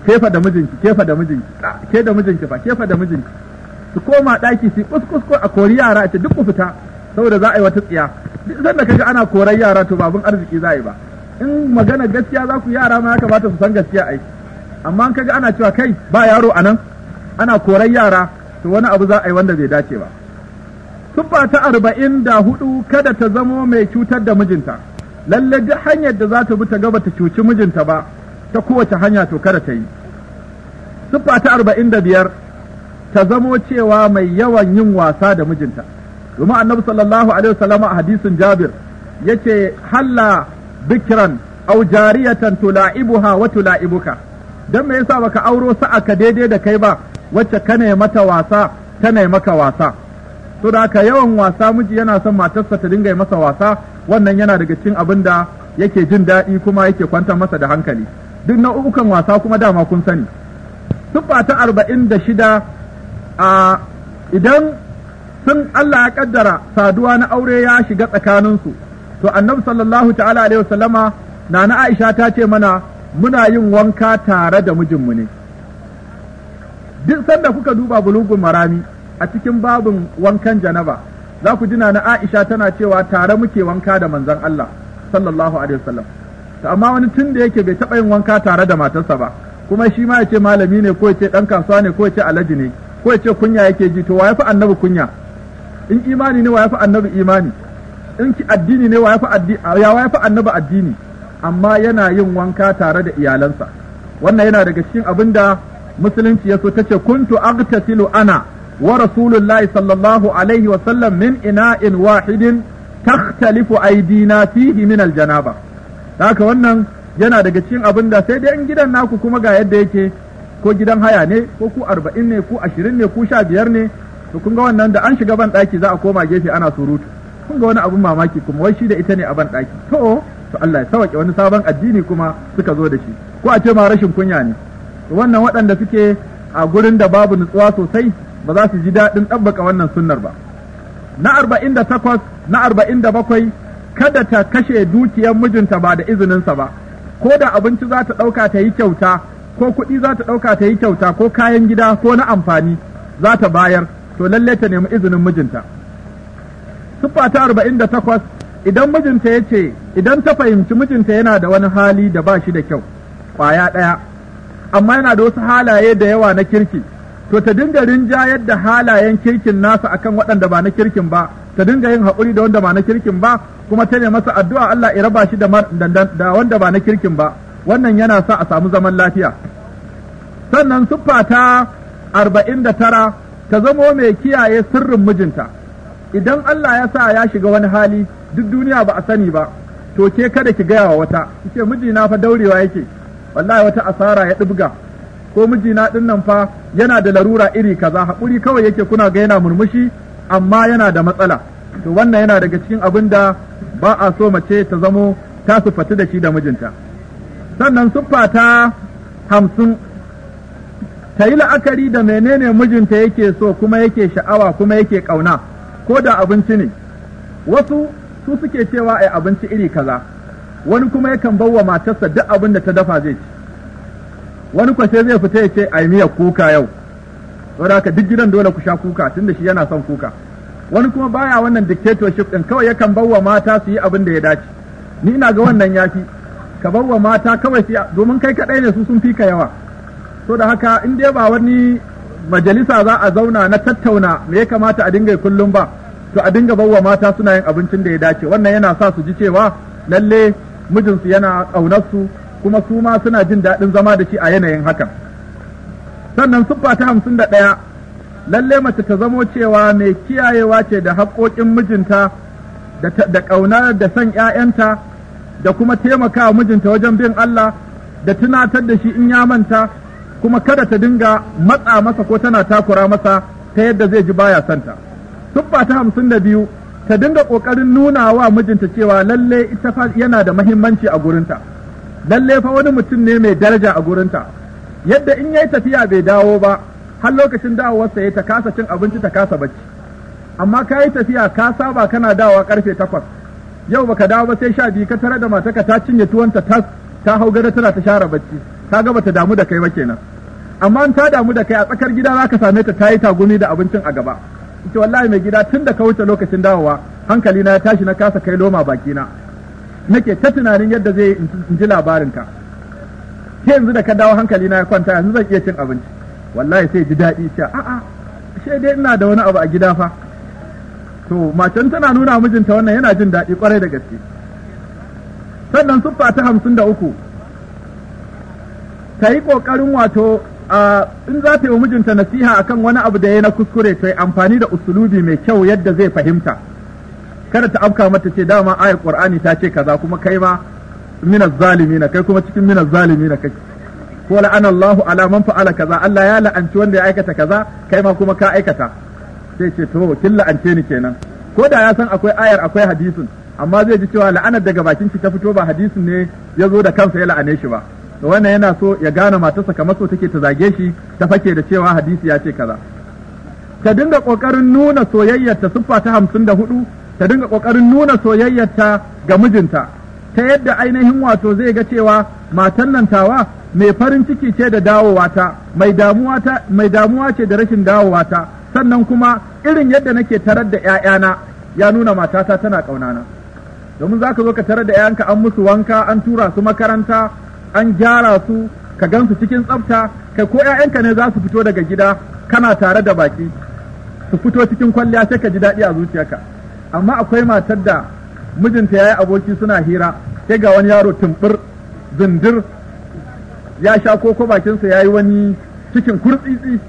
kefa da mijinki kefa da mijinki ah, ke da mijinki fa kefa da mijinki su koma ɗaki su kus kus a kori yara a ce duk ku fita saboda za a yi wata tsiya duk sanda kaga ana korar yara to babun arziki za a yi ba in magana gaskiya za ku yara ma ya kamata su san gaskiya ai amma kaga ana cewa kai ba yaro anan ana korar yara to wani abu za a yi wanda bai dace ba siffa ta arba'in da hudu kada ta zamo mai cutar da mijinta lalle duk hanyar da za ta bi ta gaba ta cuci mijinta ba ta kowace hanya to kada ta yi siffa ta arba'in da biyar ta zamo cewa mai yawan yin wasa da mijinta domin annabi sallallahu alaihi wasallam a hadisin jabir yace halla bikran aw jariyatan tula'ibuha wa tula'ibuka dan me yasa baka auro sa'a ka daidai da kai ba wacce ka ne mata wasa ta ne maka wasa to da haka yawan wasa miji yana son matarsa ta dinga masa wasa wannan yana daga cikin abin da yake jin daɗi kuma yake kwantar masa da hankali duk nau'ukan wasa kuma dama kun sani tuffa ta arba'in da shida a idan sun Allah ya ƙaddara saduwa na aure ya shiga tsakaninsu to annabi sallallahu ta'ala alaihi wasallama na na Aisha ta ce mana muna yin wanka tare da mijinmu ne duk sanda kuka duba bulugun marami a cikin babin wankan janaba za ku jina na Aisha tana cewa tare muke wanka da manzon Allah sallallahu alaihi wasallam to amma wani tunda da yake bai taɓa yin wanka tare da matarsa ba kuma shi ma yace malami ne ko yace dan kasuwa ne ko yace alaji ne ko yace kunya yake ji to wa annabi kunya in imani ne wa annabi imani in ki addini ne wa addini ya wa annabi addini amma yana yin wanka tare da iyalansa wannan yana daga cikin abin da musulunci ya so tace kuntu agtasilu ana wa rasulullahi sallallahu alaihi wa sallam min ina'in wahidin takhtalifu aydina fihi min aljanaba haka wannan yana daga cikin abin da sai dai in gidan naku kuma ga yadda yake ko gidan haya ne ko ku arba'in ne ko ashirin ne ko sha biyar ne to kun ga wannan da an shiga ban za a koma gefe ana surutu kun ga wani abin mamaki kuma wai shi da ita ne a ban ɗaki to to Allah ya sauke wani sabon addini kuma suka zo da shi ko a ce ma rashin kunya ne wannan waɗanda suke a gurin da babu nutsuwa sosai ba za su ji daɗin ɗabbaka wannan sunnar ba na arba'in da takwas na arba'in da bakwai kada ta kashe dukiyar mijinta ba da izininsa ba ko da abinci za ta ɗauka ta yi kyauta ko kuɗi za ta ɗauka ta yi kyauta ko kayan gida ko na amfani za ta bayar to lalle ta nemi izinin mijinta siffa ta arba'in da takwas idan mijinta ya ce idan ta fahimci mijinta yana da wani hali da ba shi da kyau ƙwaya ɗaya amma yana da wasu halaye da yawa na kirki to ta dinga rinjayar da halayen kirkin nasa akan waɗanda ba na kirkin ba ta dinga yin haƙuri da wanda ba na kirkin ba kuma ta nemi masa addu'a Allah ya raba shi da wanda ba na kirkin ba wannan yana sa a samu zaman lafiya sannan siffa ta arba'in da tara ta zamo mai kiyaye sirrin mijinta idan Allah ya sa ya shiga wani hali duk duniya ba a sani ba to ke kada ki gaya wa wata ce mijina fa daurewa yake wallahi wata asara ya ɗibga ko mijina din nan fa yana da larura iri kaza haƙuri kawai yake kuna ga yana murmushi amma yana da matsala to wannan yana daga cikin abin da ba a so mace ta zamo ta siffatu da shi da mijinta sannan siffa ta hamsin ta yi la'akari da menene mijinta yake so kuma yake sha'awa kuma yake ƙauna ko da abinci ne wasu su suke cewa ai abinci iri kaza wani kuma yakan bawa matarsa duk abin da ta dafa zai ci wani kwashe zai fita ya ce ai miya kuka yau saboda haka duk gidan dole ku sha kuka tunda shi yana son kuka wani kuma baya wannan dictatorship din kawai yakan bawa mata su yi abin da ya dace ni ina ga wannan yafi ka bawa mata kawai su domin kai kadai ne su sun fi ka yawa to da haka in dai ba wani majalisa za a zauna na tattauna me ya kamata a dinga kullum ba to a dinga bawa mata suna yin abincin da ya dace wannan yana sa su ji cewa lalle mijinsu yana ƙaunarsu kuma su ma suna jin daɗin zama da shi a yanayin hakan sannan siffa ta hamsin da ɗaya lalle mace ta zamo cewa mai kiyayewa ce da haƙoƙin mijinta da ƙauna da son ‘ya'yanta da kuma taimakawa mijinta wajen bin Allah da tunatar da shi in ya manta kuma kada ta dinga matsa masa ko tana takura masa ta yadda zai ji baya santa. siffata ta hamsin da biyu ta dinga ƙoƙarin nuna wa mijinta cewa lalle ita fa yana da mahimmanci a gurinta lalle fa wani mutum ne mai daraja a gurinta yadda in yayi tafiya bai dawo ba har lokacin dawowarsa ya ta kasa cin abinci ta kasa bacci amma ka tafiya ka saba kana dawowa karfe takwas yau baka dawo ba sai sha biyu ka tare da mataka ta cinye tuwanta ta ta hau gada tana ta share bacci ka ga bata damu da kai ba kenan amma in ta damu da kai a tsakar gida za ka same ta tayi taguni tagumi da abincin a gaba ita wallahi mai gida tun da ka wuce lokacin dawowa hankali na ya tashi na kasa kai loma baki na nake ta tunanin yadda zai in ji labarin ka ke yanzu da ka dawo hankali na ya kwanta yanzu zan iya cin abinci wallahi sai ji daɗi ce a'a sai dai ina da wani abu a gida fa to macen tana nuna mijinta wannan yana jin daɗi kwarai da gaske sannan siffa ta hamsin da uku ta yi ƙoƙarin wato in za ta yi wa mijinta nasiha akan wani abu da ya na kuskure ta yi amfani da usulubi mai kyau yadda zai fahimta kada ta afka mata ce dama ayar qur'ani ta ce kaza kuma kai ma zalimi na kai kuma cikin zalimi na kai ko la'anallahu ala man fa'ala kaza Allah ya la'anci wanda ya aikata kaza kai ma kuma ka aikata sai ce to kin la'ance ni kenan ko da ya san akwai ayar akwai hadisin amma zai ji cewa la'anar daga bakin shi ta fito ba hadisin ne ya zo da kansa ya la'ane shi ba wannan yana so ya gane matarsa kamar so take ta zage shi ta fake da cewa hadisi ya ce kaza ta dinga kokarin nuna soyayyarta siffa ta hamsin da hudu ta dinga kokarin nuna soyayyarta ga mijinta ta yadda ainihin wato zai ga cewa matan nan tawa mai farin ciki ce da dawowata mai damuwa ta mai damuwa ce da rashin dawowata sannan kuma irin yadda nake tarar da ƴaƴana ya nuna matata tana ƙaunana domin za ka zo ka tarar da ƴaƴanka an musu wanka an tura su makaranta an gyara su ka gansu cikin tsafta kai ko ƴaƴanka ne za su fito daga gida kana tare da baki su fito cikin kwalliya sai ka ji daɗi a zuciyarka amma akwai matar da mijinta yayi aboki suna hira sai ga wani yaro tumbur zindir ya sha koko bakinsa yayi wani cikin kurtsitsi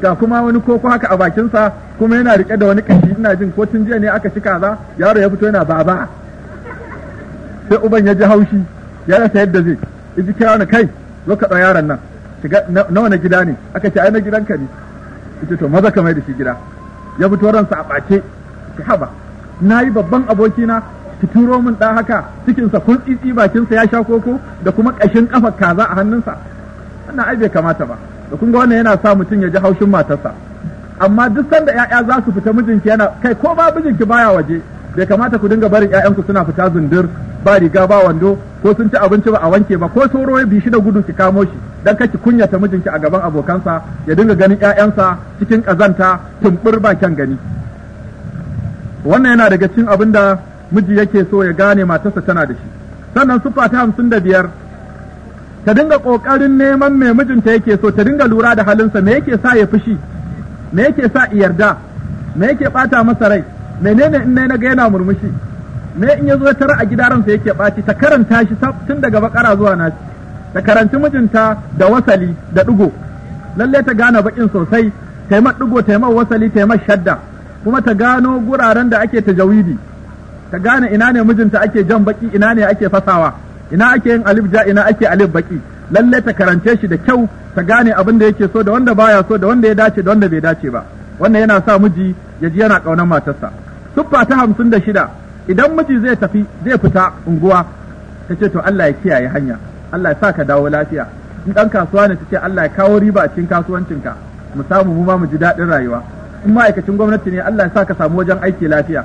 ga kuma wani koko haka a bakinsa kuma yana rike da wani kashi ina jin ko tun jiya ne aka ci kaza yaro ya fito yana baba sai uban ya ji haushi ya rasa yadda zai iji kira ni kai zo ka yaron nan shiga nawa na gida ne aka ce ai na gidanka ne ita to maza kamar da shi gida ya fito ransa a ɓace ki haba na yi babban abokina ki turo min ɗan haka cikinsa kun tsitsi bakinsa ya sha koko da kuma ƙashin ƙafa kaza a hannunsa wannan ai bai kamata ba da kun ga wannan yana sa mutum ya ji haushin matarsa amma duk sanda 'ya'ya za su fita mijinki yana kai ko ba mijinki baya waje bai kamata ku dinga barin ƴaƴanku suna fita zundur ba riga ba wando ko sun ci abinci ba a wanke ba ko sauro roye bishi da gudu ki kamo shi dan ki kunyata mijinki a gaban abokansa ya dinga ganin ƴaƴansa cikin kazanta tumbur ba kyan gani wannan yana daga cikin abin da miji yake so ya gane matarsa tana da shi sannan sufa ta hamsin da biyar ta dinga ƙoƙarin neman mai mijinta yake so ta dinga lura da halinsa me yake sa ya fushi me yake sa yarda me yake ɓata masa rai menene in na ga yana murmushi me in ya zo ya tara a gida ransa yake ɓaci ta karanta shi tun daga bakara zuwa nasi ta karanci mijinta da wasali da ɗigo lalle ta gane bakin sosai taimar ɗigo taimar wasali taimar shadda kuma ta gano guraren da ake tajawidi ta gane ina ne mijinta ake jan baki ina ne ake fasawa ina ake yin alif ja ina ake alif baki lalle ta karance shi da kyau ta gane abin da yake so da wanda baya so da wanda ya dace da wanda bai dace ba wannan yana sa miji ya ji yana ƙaunar matarsa siffa ta hamsin da shida idan miji zai tafi zai fita unguwa ta ce to Allah ya kiyaye hanya Allah ya sa ka dawo lafiya in ɗan kasuwa ne ta ce Allah ya kawo riba cikin kasuwancinka mu samu mu ma mu ji daɗin rayuwa in ma'aikacin gwamnati ne Allah ya sa ka samu wajen aiki lafiya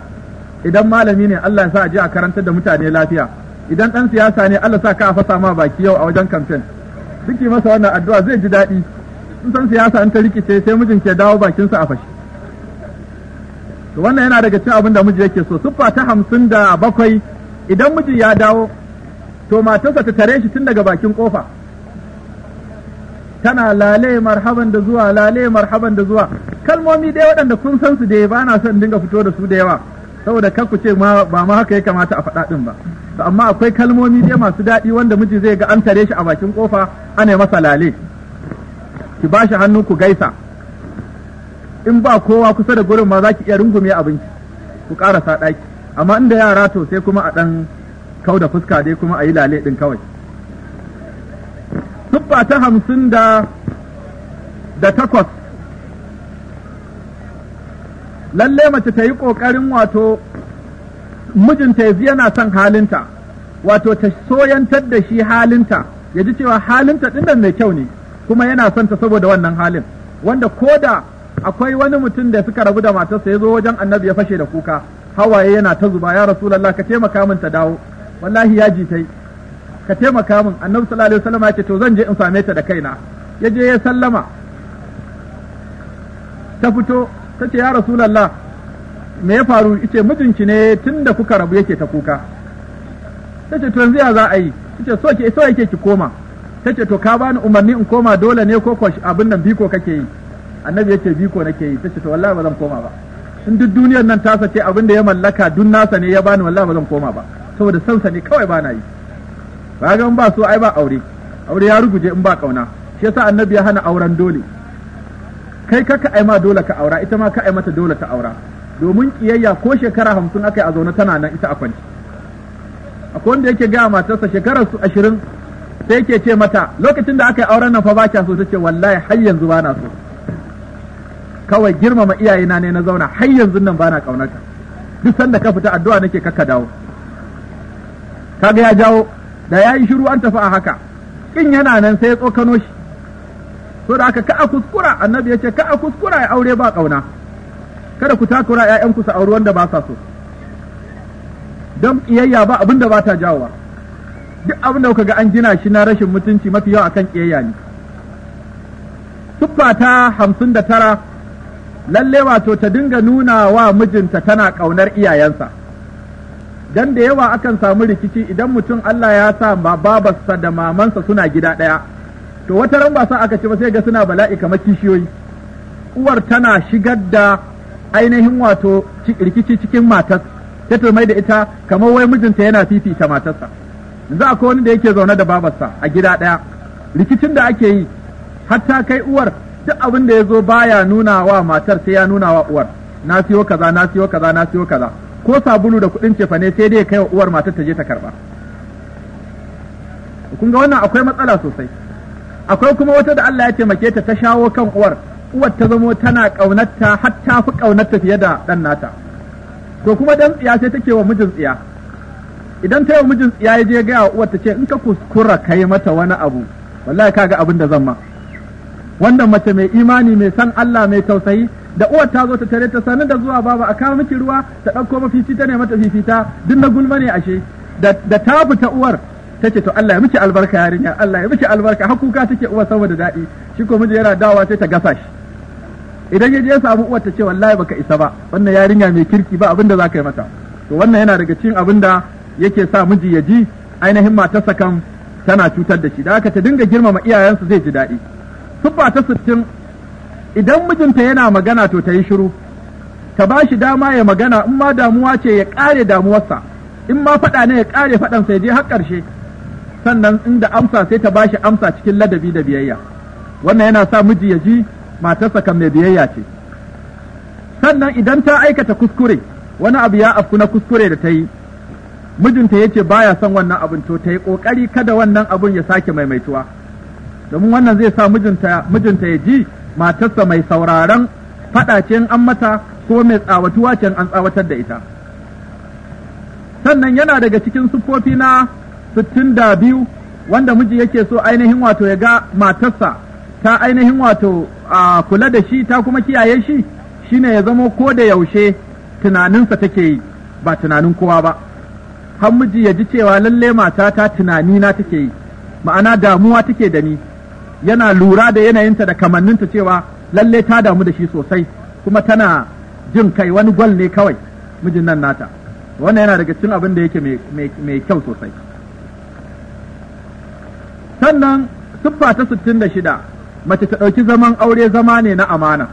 idan malami ne Allah ya sa a je a karantar da mutane lafiya idan ɗan siyasa ne Allah sa ka a fasa ma baki yau a wajen kamfen duk masa wannan addu'a zai ji daɗi in san siyasa in ta rikice sai mijin ke dawo bakin sa a fashi to wannan yana daga cin abin da miji yake so siffa ta hamsin da bakwai idan miji ya dawo to matarsa ta tare shi tun daga bakin kofa tana lale marhaban da zuwa lale marhaban da zuwa kalmomi dai waɗanda kun san su dai ba na son dinga fito da su da yawa saboda kar ku ce ba ma haka ya kamata a faɗa ɗin ba to amma akwai kalmomi dai masu daɗi wanda miji zai ga an tare shi a bakin kofa ana masa lale ki ba shi hannu ku gaisa in ba kowa kusa da gurin ma za ki iya rungume abinci ku ƙarasa ɗaki amma inda yara to sai kuma a ɗan kau da fuska dai kuma a yi lale ɗin kawai siffa ta hamsin da takwas lalle mace ta yi ƙoƙarin wato mijinta ya yana son halinta wato ta soyantar da shi halinta ya ji cewa halinta ɗin nan mai kyau ne kuma yana son ta saboda wannan halin wanda ko da akwai wani mutum da suka rabu da matarsa ya zo wajen annabi ya fashe da kuka hawaye yana ta zuba ya rasulullah ka taimaka min ta dawo wallahi ya ji tai ka taimaka min annabi sallallahu alaihi wasallam ya ce to zan je in same ta da kaina ya je ya sallama ta fito ta ce ya rasulallah me ya faru ice mijinki ne tunda da kuka rabu yake ta kuka ta ce to yanzu ya za a yi ta ce so yake ki koma ce to ka bani umarni in koma dole ne ko abin nan biko kake yi annabi yace biko nake yi ce to wallahi ba zan koma ba in duk duniyar nan ta sace abin da ya mallaka duk nasa ne ya bani wallahi ba zan koma ba saboda sansa ne kawai bana yi ba ga ba so ai ba aure aure ya ruguje in ba kauna shi yasa annabi ya hana auren dole kai ka ka ma dole ka aura ita ma ka ai mata dole ta aura domin kiyayya ko shekara hamsin aka yi a zaune tana nan ita a akwai wanda yake gaya matarsa shekarar su ashirin sai ke ce mata lokacin da aka yi auren nan fa ba kya so ce wallahi har yanzu ba so kawai girmama iyayena ne na zauna har yanzu nan ba na kaunarka duk sanda ka fita addu'a nake kakka dawo kaga ya jawo da yayi shiru an tafi a haka kin yana nan sai ya tsokano shi so da aka ka a kuskura annabi ya ce ka a kuskura ya aure ba kauna kada ku takura ƴaƴanku su auri wanda ba sa so don iyayya ba abinda da ba ta jawowa duk abin da kuka an gina shi na rashin mutunci mafi yawa akan kiyayya ne siffa ta hamsin da tara lalle wato ta dinga nuna wa mijinta tana ƙaunar iyayensa dan da yawa akan samu rikici idan mutum Allah ya sa babarsa da mamansa suna gida ɗaya to wata ran ba sa aka ci ba sai ga suna bala'i kamar kishiyoyi uwar tana shigar da ainihin wato rikici cikin matar ta mai da ita kamar wai mijinta yana fifita matarsa yanzu akwai wani da yake zaune da babarsa a gida ɗaya rikicin da ake yi hatta kai uwar duk abin da ya zo baya nuna wa matar sai ya nuna wa uwar na siyo kaza na siyo kaza na siyo kaza ko sabulu da kuɗin ne sai dai kai wa uwar matar ta je ta karɓa kun ga wannan akwai matsala sosai akwai kuma wata da Allah ya taimake ta ta shawo kan uwar uwar ta zamo tana ƙaunarta hatta ta fi ƙaunarta fiye da ɗan nata to kuma dan tsiya sai take wa mijin tsiya idan ta yau mijin ya je gaya wa uwar ta ce in ka kuskura yi mata wani abu wallahi kaga abin da zan ma wannan mace mai imani mai san Allah mai tausayi da uwar ta zo ta tare ta sanin da zuwa baba a kawo miki ruwa ta ɗauko ta ne mata fifita duk na gulma ne ashe da ta fita uwar ta ce to Allah ya miki albarka yarinya Allah ya miki albarka hakuka take uwar saboda daɗi shi ko miji yana dawowa sai ta gasa shi idan ya je ya samu uwar ta ce wallahi baka isa ba wannan yarinya mai kirki ba abin da za ka yi mata to wannan yana daga cikin abin da yake sa miji ya ji ainihin matarsa kan tana cutar da shi da haka ta dinga girmama iyayensu zai ji daɗi siffa ta sittin idan mijinta yana magana to ta yi shiru ta ba shi dama ya magana in ma damuwa ce ya ƙare damuwarsa in ma faɗa ne ya ƙare faɗansa ya je har ƙarshe sannan inda amsa sai ta ba shi amsa cikin ladabi da biyayya wannan yana sa miji ya ji matarsa kan mai biyayya ce sannan idan ta aikata kuskure wani abu ya afku na kuskure da ta yi mijinta yake baya son wannan abin to ta yi kokari kada wannan abin ya sake maimaituwa domin wannan zai sa mijinta mijinta ya ji matarsa mai sauraron faɗacen an mata ko mai tsawatuwa can an tsawatar da ita sannan yana daga cikin siffofi na sittin da biyu wanda miji yake so ainihin wato ya ga matarsa ta ainihin wato a kula da shi ta kuma kiyaye shi shine ya zamo ko da yaushe tunaninsa take yi ba tunanin kowa ba har miji ya ji cewa lalle matata tunani na take yi ma'ana damuwa take da ni yana lura da yanayinta da kamanninta cewa lalle ta damu da shi sosai kuma tana jin kai wani gwal ne kawai mijin nan nata wannan yana daga cin abin da yake mai kyau sosai sannan siffa ta sittin da shida mace ta ɗauki zaman aure zama ne na amana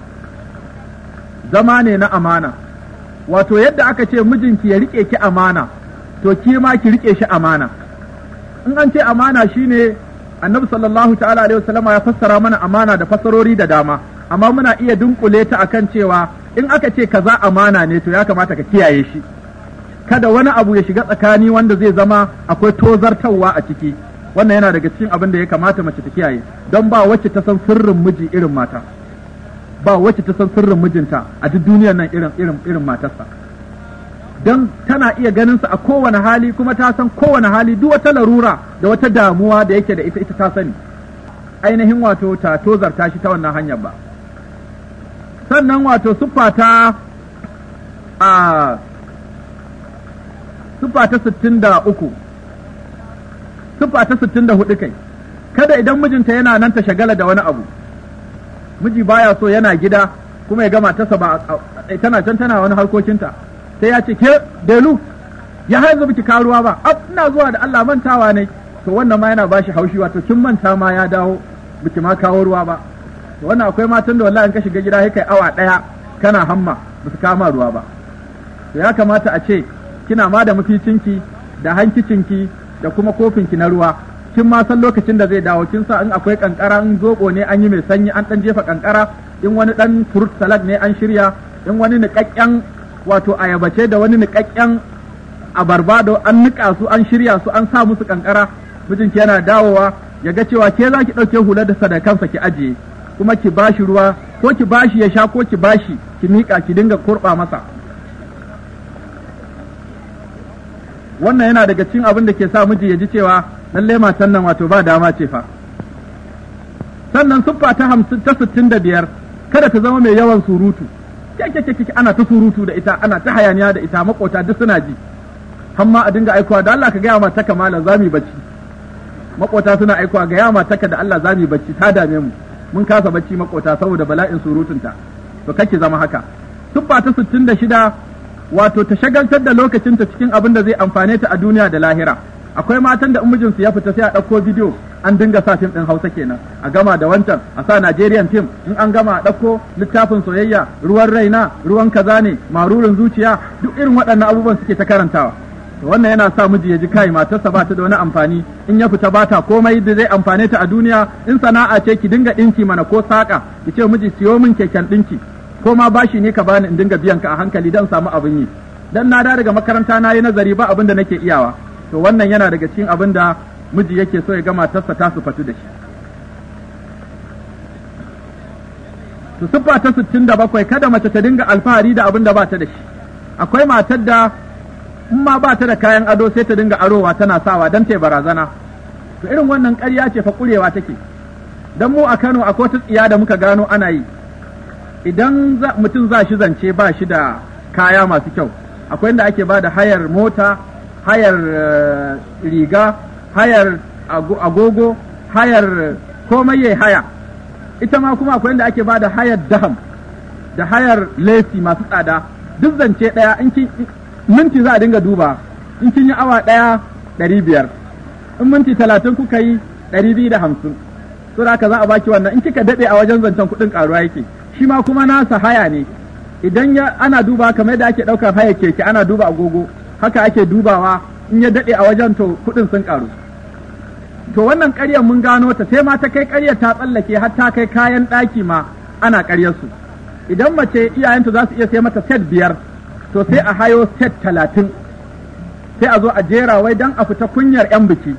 zama ne na amana wato yadda aka ce mijinki ya riƙe ki amana to ki ma ki rike shi amana in an ce amana shine annabi sallallahu ta'ala alaihi wasallama ya fassara mana amana da fassarori da dama amma muna iya dunkule ta akan cewa in aka ce kaza amana ne to ya kamata ka kiyaye shi kada wani abu ya shiga tsakani wanda zai zama akwai tozartarwa a ciki wannan yana daga cikin abin da ya kamata mace ta kiyaye don ba wacce ta san sirrin miji irin mata ba wacce ta san sirrin mijinta a duk duniyar nan irin irin irin matarsa don tana iya ganin sa a kowane hali kuma ta san kowane hali duk wata larura da wata damuwa da yake da ita ita ta sani ainihin wato ta tozarta shi ta wannan hanyar ba sannan wato siffa ta a siffa ta sittin da uku siffa ta sittin da hudu kai kada idan mijinta yana nan ta shagala da wani abu miji baya so yana gida kuma ya gama tasa ba tana can tana wani harkokinta sai ya ce ke delu ya har biki karuwa ba ab ina zuwa da Allah mantawa ne to wannan ma yana bashi haushi wato kin manta ma ya dawo biki ma kawo ruwa ba to wannan akwai matan da wallahi in ka shiga gida sai kai awa daya kana hamma ba su kama ruwa ba to ya kamata a ce kina ma da maficinki da hankicinki da kuma kofinki na ruwa kin ma san lokacin da zai dawo kin sa in akwai kankara in zobo ne an yi mai sanyi an dan jefa kankara in wani dan fruit salad ne an shirya in wani niƙaƙƙen wato ayabace da wani niƙaƙƙen abarba barbado an niƙa su an shirya su an sa musu kankara mijinki yana dawowa ya ga cewa ke za ki ɗauke hular da sadakansa ki ajiye kuma ki bashi ruwa ko ki bashi ya sha ko ki bashi ki miƙa ki dinga kurɓa masa wannan yana daga cikin abin da ke sa miji ya ji cewa lallai matan nan wato ba dama ce fa sannan siffa ta hamsin ta sittin da biyar kada ta zama mai yawan surutu kike ana ta surutu da ita ana ta hayaniya da ita makota duk suna ji hamma a dinga aikowa da Allah ka gaya ma taka malam zami bacci makota suna aikowa ga yama taka da Allah zami bacci ta dame mu mun kasa bacci makota saboda bala'in surutunta to kake zama haka tuffa ta 66 wato ta shagaltar da lokacinta cikin abin da zai amfane ta a duniya da lahira akwai matan da mijinsu ya fita sai a ɗauko bidiyo an dinga sa fim ɗin Hausa kenan a gama da wancan a sa Nigerian fim in an gama a ɗauko littafin soyayya ruwan raina ruwan kaza ne marurin zuciya duk irin waɗannan abubuwan suke ta karantawa wannan yana sa miji ya ji kai matarsa ba ta da wani amfani in ya fita bata komai da zai amfane ta a duniya in sana'a ce ki dinga ɗinki mana ko saƙa ki ce miji siyo min keken ɗinki, ko ma bashi ne ka bani in dinga biyan ka a hankali dan samu abin yi dan na da daga makaranta na yi nazari ba abin da nake iyawa to wannan yana daga cikin abin da miji yake so ya gama matarsa ta su fatu da shi Su siffa ta sittin da bakwai, kada mace ta dinga alfahari da abin da ba ta da shi akwai matar da in ma ba ta da kayan ado sai ta dinga arowa tana sawa don ta barazana to irin wannan karya ce fa kurewa take don mu a Kano akwai kotu tsiya da muka gano ana yi idan mutum za shi zance ba shi da kaya masu kyau akwai inda ake ba da hayar mota hayar eh, riga hayar agogo hayar komai yayi haya ita ma kuma akwai inda ake ba da hayar daham da hayar lesi masu tsada duk zance ɗaya in kin minti za a dinga duba in kin yi awa ɗaya ɗari biyar in minti talatin kuka yi ɗari biyu da hamsin sura haka za a baki wannan in kika daɗe a wajen zancen kuɗin ƙaruwa yake shi ma kuma nasa haya ne idan ana duba kamar da ake ɗaukar haya keke ana duba agogo haka ake dubawa in ya daɗe a wajen to kuɗin sun ƙaru to wannan ƙaryar mun gano ta sai ma ta kai ƙaryar ta tsallake har ta kai kayan ɗaki ma ana ƙaryar su idan mace iyayenta za su iya sai mata set biyar to sai a hayo set talatin sai a zo a jera wai don a fita kunyar 'yan biki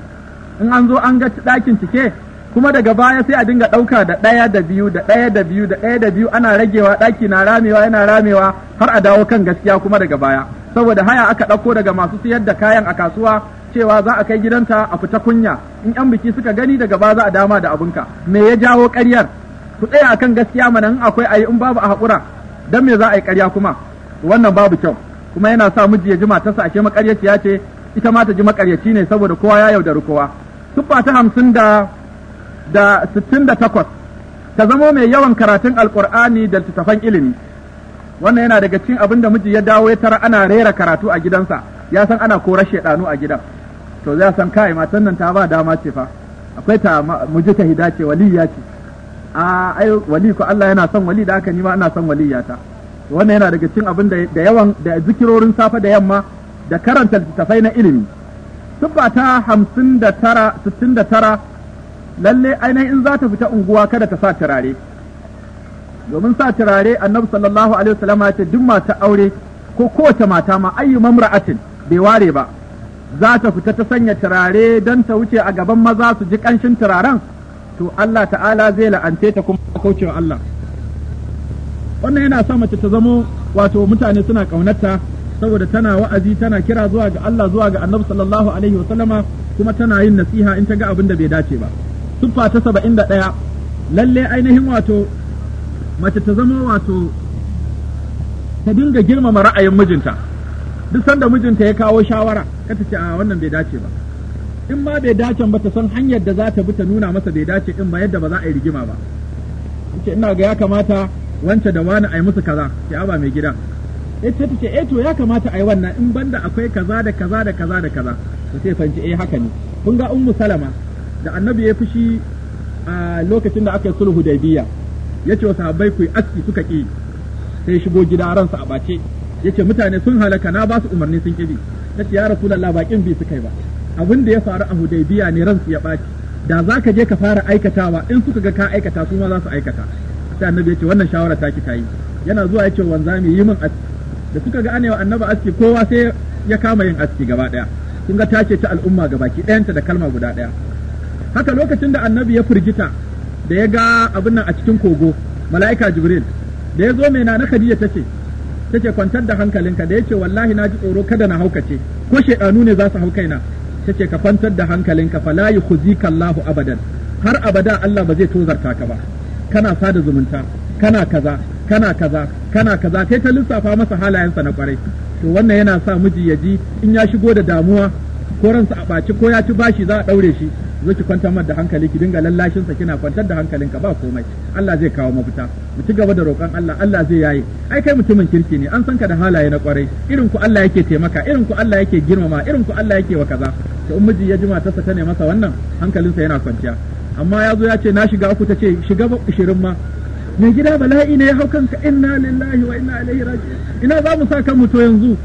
in an zo an ga ɗakin cike kuma daga baya sai a dinga ɗauka da ɗaya da biyu da ɗaya da biyu da ɗaya da biyu ana ragewa ɗaki na ramewa yana ramewa har a dawo kan gaskiya kuma daga baya saboda haya aka ɗauko daga masu siyar da kayan a kasuwa cewa za a kai gidanta a fita kunya in yan biki suka gani daga baya za a dama da abinka me ya jawo ƙaryar ku tsaya akan gaskiya mana in akwai ayi in babu a haƙura dan me za a yi ƙarya kuma wannan babu kyau kuma yana sa miji ya ji matarsa a makaryaciya ce ita ma ta ji makaryaci ne saboda kowa ya yaudari kowa tuffa ta hamsin da da sittin da takwas ta zamo mai yawan karatun alkur'ani da littattafan ilimi wannan yana daga cin abin da miji ya dawo ya tara ana rera karatu a gidansa ya san ana korar shaidanu a gidan to zai san kai matan nan ta ba dama ce fa akwai ta muji ta hida ce waliyya ce a ai wali ko Allah yana son wali da haka ni ma ina son ta wannan yana daga cikin abin da yawan da zikirorin safe da yamma da karanta littattafai na ilimi Tubba ta hamsin da tara, sittin da tara lalle ainihin in za ta fita unguwa kada ta sa turare domin sa turare annabi sallallahu alaihi wasallam ya ce duk mata aure ko kowace mata ma ayyu mamra'atin bai ware ba za ta fita ta sanya turare don ta wuce a gaban maza su ji ƙanshin turaren to Allah ta'ala zai la'ance ta kuma kaucewa Allah wannan yana sa mace ta zamo wato mutane suna ƙaunarta saboda tana wa'azi tana kira zuwa ga Allah zuwa ga Annabi sallallahu alaihi wasallama kuma tana yin nasiha in ta ga abin da bai dace ba siffa ta saba'in da ɗaya lalle ainihin wato mace ta zama wato ta dinga girmama ra'ayin mijinta duk sanda mijinta ya kawo shawara kata ce a wannan bai dace ba in ma bai dace ba ta san hanyar da za ta bi ta nuna masa bai dace in ba yadda ba za a yi rigima ba ce ina ga ya kamata wance da wani a yi musu kaza ke aba mai gida ya eh, ce ta ce eh to ya kamata a yi wannan in banda akwai kaza da kaza da kaza da kaza ta sai fanci eh haka ne kun ga ummu salama da annabi ya fushi a lokacin da aka yi sulhu ya ce wasu habai ku aski suka ƙi sai shigo gida ransa a bace ce mutane sun halaka na ba su umarni sun kibi ce ya rasulullah bakin bi su kai ba abin da ya faru a hudaybiya ne ransu ya ɓaci da za ka je ka fara aikatawa in suka ga ka aikata su ma za su aikata sai annabi ce wannan shawara ta ki tayi yana zuwa ya ce wanza wanzami yi min aski da suka ga anewa annaba aski kowa sai ya kama yin aski gaba ɗaya. kun ga ce ta al'umma gabaki ɗayanta da kalma guda ɗaya haka lokacin da annabi ya firgita da ya ga abin nan a cikin kogo mala'ika jibril da ya zo mai na na khadija tace tace kwantar da hankalinka da yace wallahi na ji tsoro kada na haukace ko shedanu ne za su hau kaina tace ka kwantar da hankalinka fa la yukhzika Allahu abadan har abada Allah ba zai tozarta ka ba kana sada zumunta kana kaza kana kaza kana kaza kai ta lissafa masa halayensa na kwarai to wannan yana sa miji ya ji in ya shigo da damuwa ko ransa a ɓaci ko ya ci bashi za a ɗaure shi zo ki kwantar mar da hankali ki dinga lallashin sa kina kwantar da hankalinka ba komai Allah zai kawo mafita mu ci gaba da roƙon Allah Allah zai yaye ai kai mutumin kirki ne an san ka da halaye na kwarai irin ku Allah yake taimaka irin ku Allah yake girmama irin ku Allah yake wa kaza to in miji ya ji matarsa ta ne masa wannan hankalinsa yana kwanciya amma ya zo ya ce na shiga uku ta ce shiga ishirin ma mai gida bala'i ne ya hau kanka inna lillahi wa inna ilaihi raji'un ina za mu sa kan mu to yanzu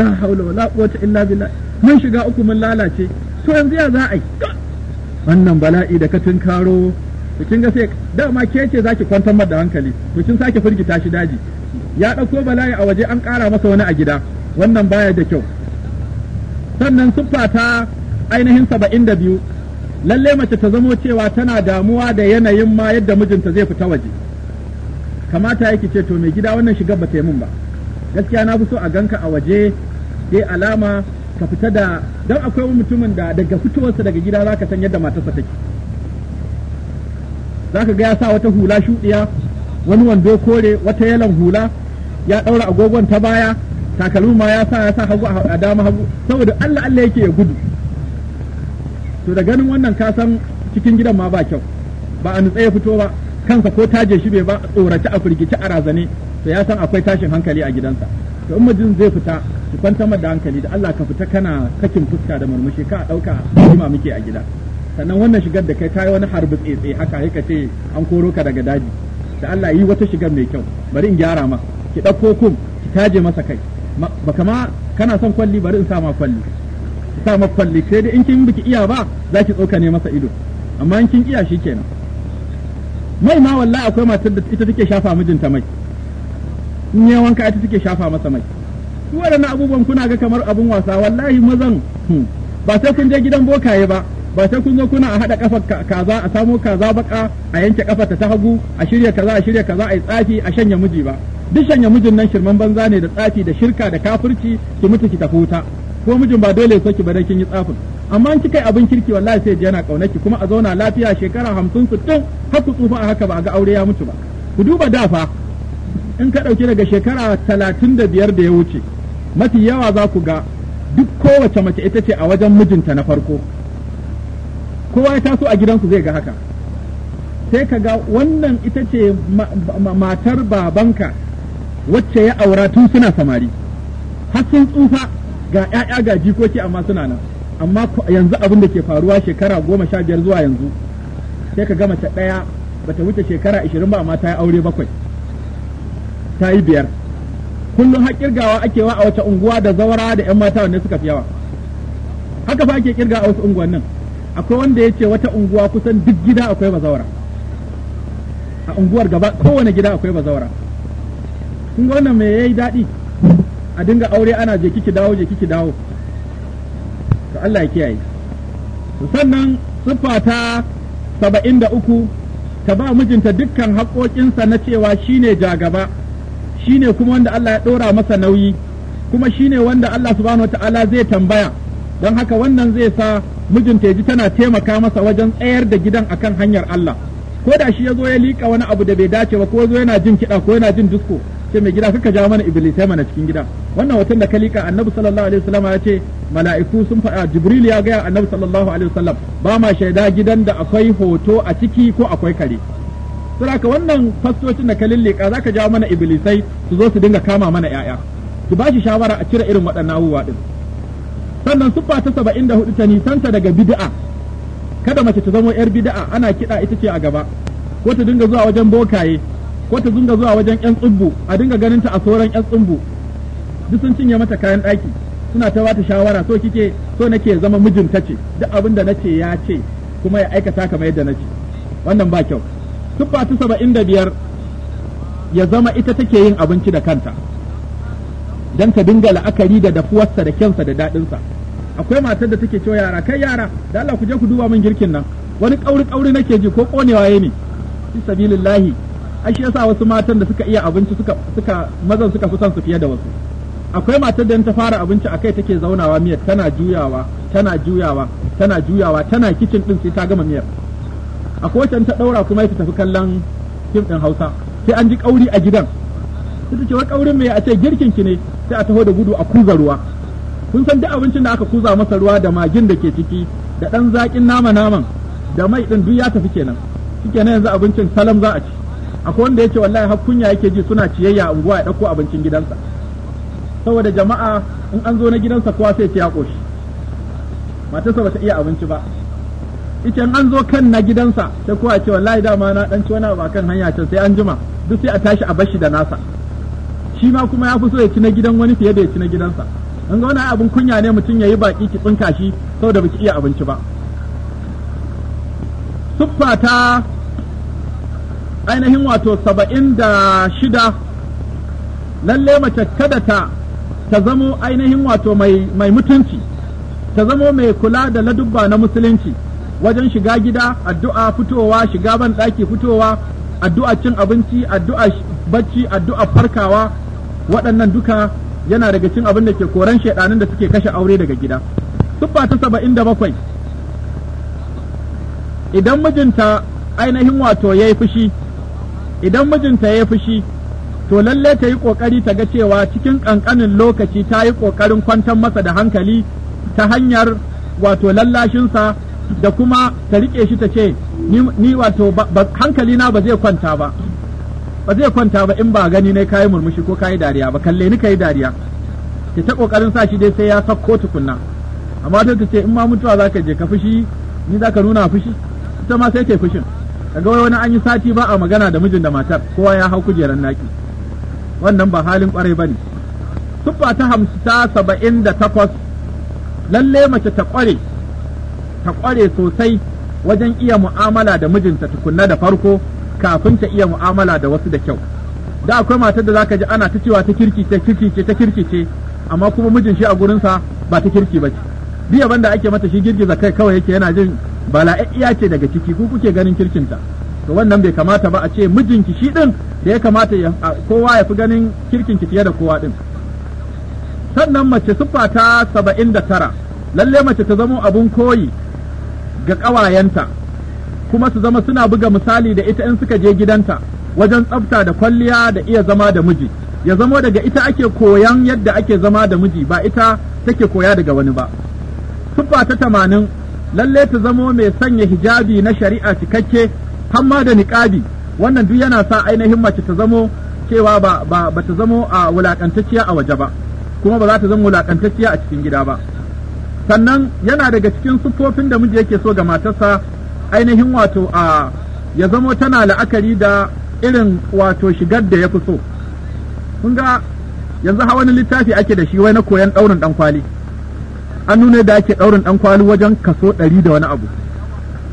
la haula wala quwwata illa billah mun shiga uku mun lalace to yanzu ya za a yi wannan bala'i da ka tunkaro to kin ga sai dama ke ce zaki kwantar da hankali to kin sake firgita shi daji ya dauko bala'i a waje an kara masa wani a gida wannan baya da kyau sannan siffa ta ainihin saba'in da biyu lalle mace ta zamo cewa tana damuwa da yanayin ma yadda mijinta zai fita waje kamata yake ce to mai gida wannan shigar ba ta yi mun ba gaskiya na fi so a ganka a waje ke alama ka fita da don akwai mutumin da daga fitowarsa daga gida za ka san yadda matarsa take zaka ga ya sa wata hula shuɗiya wani wando kore wata yalan hula ya ɗaura agogon ta baya takalmi ma ya sa ya sa hagu a dama hagu saboda Allah Allah yake ya gudu to da ganin wannan ka san cikin gidan ma ba kyau ba a nutsaye fito ba kansa ko taje shi bai ba tsoraci a firgici a razane to ya san akwai tashin hankali a gidansa to in mijin zai fita su kwantar da hankali da Allah ka fita kana kakin fuska da murmushi ka dauka jima muke a gida sannan wannan shigar da kai ta yi wani harbi tsetse haka sai ka ce an koro ka daga daji da Allah yi wata shigar mai kyau bari in gyara ma ki dauko kun ki taje masa kai ba kama kana son kwalli bari in sa ma kwalli sa ma kwalli sai dai in kin biki iya ba za ki ne masa ido amma in kin iya shi kenan. mai ma wallahi akwai matar da ita take shafa mijinta mai in ya wanka ita take shafa masa mai duk waɗannan abubuwan kuna ga kamar abun wasa wallahi mazan hmm, ba sai kun je gidan bokaye ba ba sai kun zo kuna a haɗa kafa kaza a samo kaza baka a yanke ƙafarta ta hagu a shirya kaza a shirya kaza a yi tsafi a shanya miji ba duk shanya mijin nan shirman banza ne da tsafi da shirka da kafirci ki mutu ki tafi wuta ko mijin ba dole so ki ba kin yi tsafin amma in kika yi abin kirki wallahi sai yana kauna ki kuma a zauna lafiya shekara hamsin sittin har ku tsufa a haka ba a ga aure ya mutu ba ku duba dafa in ka ɗauki daga shekara talatin da biyar da ya wuce mafi yawa za ku ga duk kowace mace ita ce a wajen mijinta na farko kowa ya taso a gidansu zai ga haka sai ka ga wannan ita ce matar babanka wacce ya aura tun suna samari har sun tsufa ga 'ya'ya ga jikoki amma suna nan amma yanzu abin da ke faruwa shekara goma sha biyar zuwa yanzu sai ka ga mace ɗaya bata wuce shekara ashirin ba amma ta yi aure bakwai ta yi biyar kullum har kirgawa ake wa a wace unguwa da zawara da yan mata wanda suka fi yawa haka fa ake kirga a wasu unguwannin akwai wanda ya ce wata unguwa kusan duk gida akwai bazawara a unguwar gaba kowane gida akwai bazawara kun ga wannan me yayi daɗi a dinga aure ana je kiki dawo je kiki dawo to Allah ya kiyaye sannan sifa ta saba'in da uku ta ba mijinta dukkan haƙoƙinsa na cewa shine jagaba Shi ne kuma wanda Allah ya ɗora masa nauyi kuma shi ne wanda Allah subhanahu wata'ala zai tambaya don haka wannan zai sa mijinta ya ji tana taimaka masa wajen tsayar da gidan akan hanyar Allah ko da shi ya zo ya liƙa wani abu da bai dace ba ko zo yana jin kiɗa ko yana jin disko ce mai gida kaka ja mana iblisai mana cikin gida wannan hoton da ka liƙa annabi sallallahu alaihi wasallam ya ce mala'iku sun faɗa jibril ya gaya annabi sallallahu alaihi wasallam ba ma shaida gidan da akwai hoto a ciki ko akwai kare to wannan fastocin da ka za zaka jawo mana iblisai su zo su dinga kama mana yaya ki ba shawara a cire irin waɗannan abubuwa din sannan siffa ta saba'in da hudu ta nisanta daga bid'a kada mace ta zamo yar bid'a ana kiɗa ita ce a gaba ko ta dinga zuwa wajen bokaye ko ta dinga zuwa wajen yan tsubbu a dinga ganin ta a sauran yan tsubbu duk sun cinye mata kayan ɗaki suna ta wata shawara so kike so nake zama mijinta ce duk abin da nace ya ce kuma ya aikata kamar yadda nace wannan ba kyau tuffa ta saba'in da biyar ya zama ita take yin abinci da kanta don ta dinga la'akari da dafuwarsa da kyansa da daɗinsa akwai matar da take cewa yara kai yara da Allah ku je ku duba min girkin nan wani kauri kauri nake ji ko konewa ya ne fi sabilillahi ai shi yasa wasu matan da suka iya abinci suka suka mazan suka fi son su fiye da wasu akwai matar da ta fara abinci a akai take zaunawa miyar tana juyawa tana juyawa tana juyawa tana kicin ɗin sai ta gama miyar a wacce ta ɗaura kuma ya tafi kallon fim ɗin Hausa sai an ji ƙauri a gidan sai ce wai ƙaurin me a ce girkin ki ne sai a taho da gudu a kuza ruwa kun san duk abincin da aka kuza masa ruwa da magin da ke ciki da ɗan zaƙin nama naman da mai ɗin duk ya tafi kenan shikenan yanzu abincin salam za a ci akwai wanda ce wallahi har kunya yake ji suna ciyayya a unguwa ya ɗauko abincin gidansa saboda jama'a in an zo na gidansa kowa sai ya koshi matarsa bata iya abinci ba idan an zo kan na gidansa sai kowa cewa wallahi dama na ɗan ci wani abu kan hanya can sai an jima duk sai a tashi a bashi da nasa shi ma kuma ya fi so ya ci na gidan wani fiye da ya ci na gidansa an ga wani abin kunya ne mutum ya yi baki ki tsinka shi saboda biki iya abinci ba suffa ta ainihin wato saba'in da shida lalle mace kada ta ta zamo ainihin wato mai mutunci ta zamo mai kula da ladubba na musulunci wajen shiga gida addu'a fitowa shiga ban ɗaki fitowa addu'a cin abinci addu'a bacci addu'a farkawa waɗannan duka yana daga cin abin da ke koran shaidanin da suke kashe aure daga gida siffa ta saba'in da bakwai idan mijinta ainihin wato ya yi fushi idan mijinta ya yi fushi to lalle ta yi ƙoƙari ta ga cewa cikin ƙanƙanin lokaci ta yi ƙoƙarin kwantar masa da hankali ta hanyar wato lallashinsa da kuma ta rike shi ta ce ni wato hankali na ba zai kwanta ba ba zai kwanta ba in ba gani ne kayi murmushi ko kayi dariya ba kalle ni kayi dariya ke ta kokarin sa shi dai sai ya sakko tukunna amma ta ce in ma mutuwa zaka je ka fushi ni zaka nuna fushi ita ma sai ke fushin kaga wai wani an yi sati ba a magana da mijin da matar kowa ya hau kujeran naki wannan ba halin kwarai bane tuffa ta hamsin ta saba'in da takwas lalle mace ta kware ta ƙware sosai wajen iya mu'amala da mijinta tukunna da farko kafin ta iya mu'amala da wasu da kyau da akwai matar da za ka ji ana ta cewa ta kirki kirkice ce ta kirki amma kuma mijin shi a gurinsa ba ta kirki ba ce biya banda ake mata shi girgiza kai kawai yake yana jin bala'iyya ce daga ciki ku kuke ganin kirkinta to wannan bai kamata ba a ce mijinki shi ɗin da ya kamata kowa ya fi ganin kirkinki fiye da kowa ɗin. sannan mace siffa ta saba'in da tara lallai mace ta zamo abun koyi ga ƙawayenta kuma su zama suna buga misali da ita in suka je gidanta wajen tsafta da kwalliya da iya zama da miji ya zamo daga ita ake koyan yadda ake zama da miji ba ita take koya daga wani ba siffa ta tamanin lalle ta zamo mai sanya hijabi na shari'a cikakke hamma da niƙabi wannan duk yana sa ainihin mace ta zamo cewa ba ba ta zamo a wulaƙantacciya a waje ba kuma ba za ta zama wulaƙantacciya a cikin gida ba sannan yana daga cikin siffofin da miji yake so ga matarsa ainihin wato a ya zamo tana la'akari da irin wato shigar da ya fi so kun ga yanzu hawan wani littafi ake da shi wai na koyan ɗaurin ɗan kwali an nuna da ake ɗaurin ɗan kwali wajen kaso ɗari da wani abu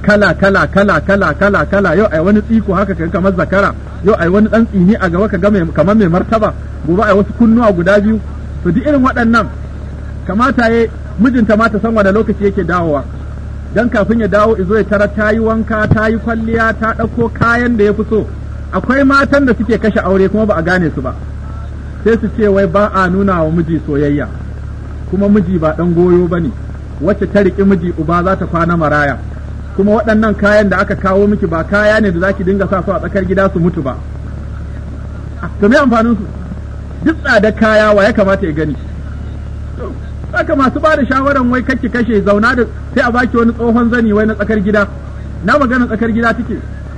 kala kala kala kala kala kala yau ai wani tsiko haka kaga kamar zakara yau ai wani ɗan tsini a gaba kaga kamar mai martaba gobe ai wasu kunnuwa guda biyu to duk irin waɗannan kamata ya mijinta ma ta san wani lokaci yake dawowa dan kafin ya dawo izo ya tara ta yi wanka ta yi kwalliya ta ɗauko kayan da ya fi so akwai matan da suke kashe aure kuma ba a gane su ba sai su ce wai ba a nuna wa miji soyayya kuma miji ba ɗan goyo ba ne wacce ta riƙi miji uba za ta kwana maraya kuma waɗannan kayan da aka kawo miki ba kaya ne da za ki dinga sa su a tsakar gida su mutu ba to me amfaninsu. su duk tsada kaya wa ya kamata ya gani haka masu ba da shawaran wai kake kashe zauna da sai a baki wani tsohon zani wai na tsakar gida na magana tsakar gida take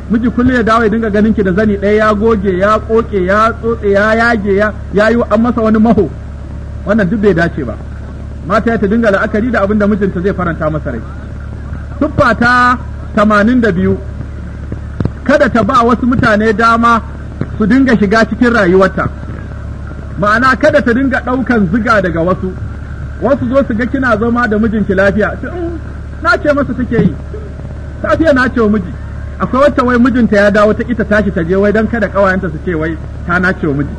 miji kullum ya dawo ya dinga ganin ki da zani ɗaya ya goge ya koke ya tsotse ya yage ya yayi an masa wani maho wannan duk bai dace ba mata ya ta dinga la'akari da abin da mijinta zai faranta masa rai tuffa ta tamanin da biyu kada ta ba wasu mutane dama su dinga shiga cikin rayuwarta ma'ana kada ta dinga ɗaukan ziga daga wasu wasu zo su ga kina zama da mijinki lafiya mm, na ce masa take yi safiya na ce wa miji akwai wata wai mijinta ya dawo ta ita tashi ta je wai dan kada kawayenta su ce wai ta na ce wa miji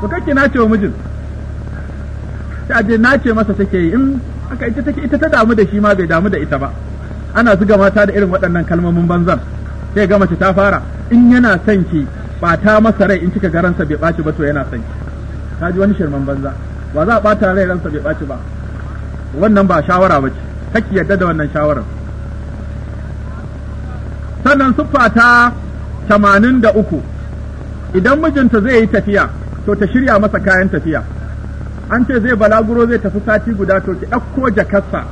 to kake na ce wa mijin ta je na ce masa take yi in mm, aka ita take ita ta damu da shi ma bai damu da ita ba ana zuga mata da irin waɗannan kalmomin banzan sai ga mace ta fara in yana son ki ba ta masa rai in kika garansa bai baci ba to yana son ki ta ji wani shirman banza Ba za a ɓata rai ransa bai ɓaci ba wannan ba shawara ba ce kake yadda da wannan shawarar sannan siffa ta tamanin da uku idan mijinta zai yi tafiya to ta shirya masa kayan tafiya an ce zai balaguro zai tafi sati guda to ki ɗauko jakarsa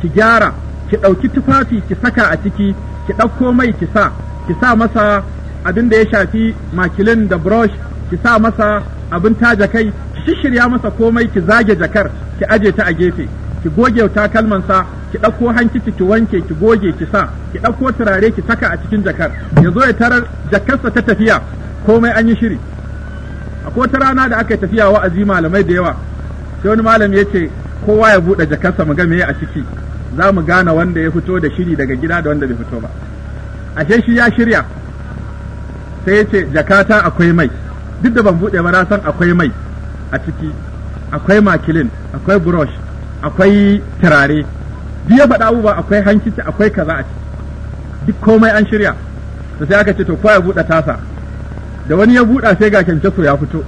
ki gyara ki ɗauki tufafi ki saka a ciki ki ɗauko mai ki sa ki sa masa abin da ya shafi makilin da brush ki sa masa abin ta jakai, ki shirya masa komai ki zage jakar ki aje ta a gefe ki goge takalman sa ki ɗauko hankici ki wanke ki goge ki sa ki ɗauko turare ki saka a cikin jakar ya zo ya tarar jakarsa ta tafiya komai an yi shiri akwai wata rana da aka tafiya tafiya wa'azi malamai da yawa sai wani malami ya ce kowa ya buɗe jakarsa mu ga meye a ciki za mu gane wanda ya fito da shiri daga gida da wanda bai fito ba ashe shi ya shirya sai yace jakata akwai mai duk da ban buɗe ba na san akwai mai a ciki akwai makilin akwai brush akwai turare duk ya faɗa abubuwa akwai hankici akwai kaza a ciki duk komai an shirya to sai aka ce to ko ya buɗe tasa da wani ya buɗa sai ga kyankyaso ya fito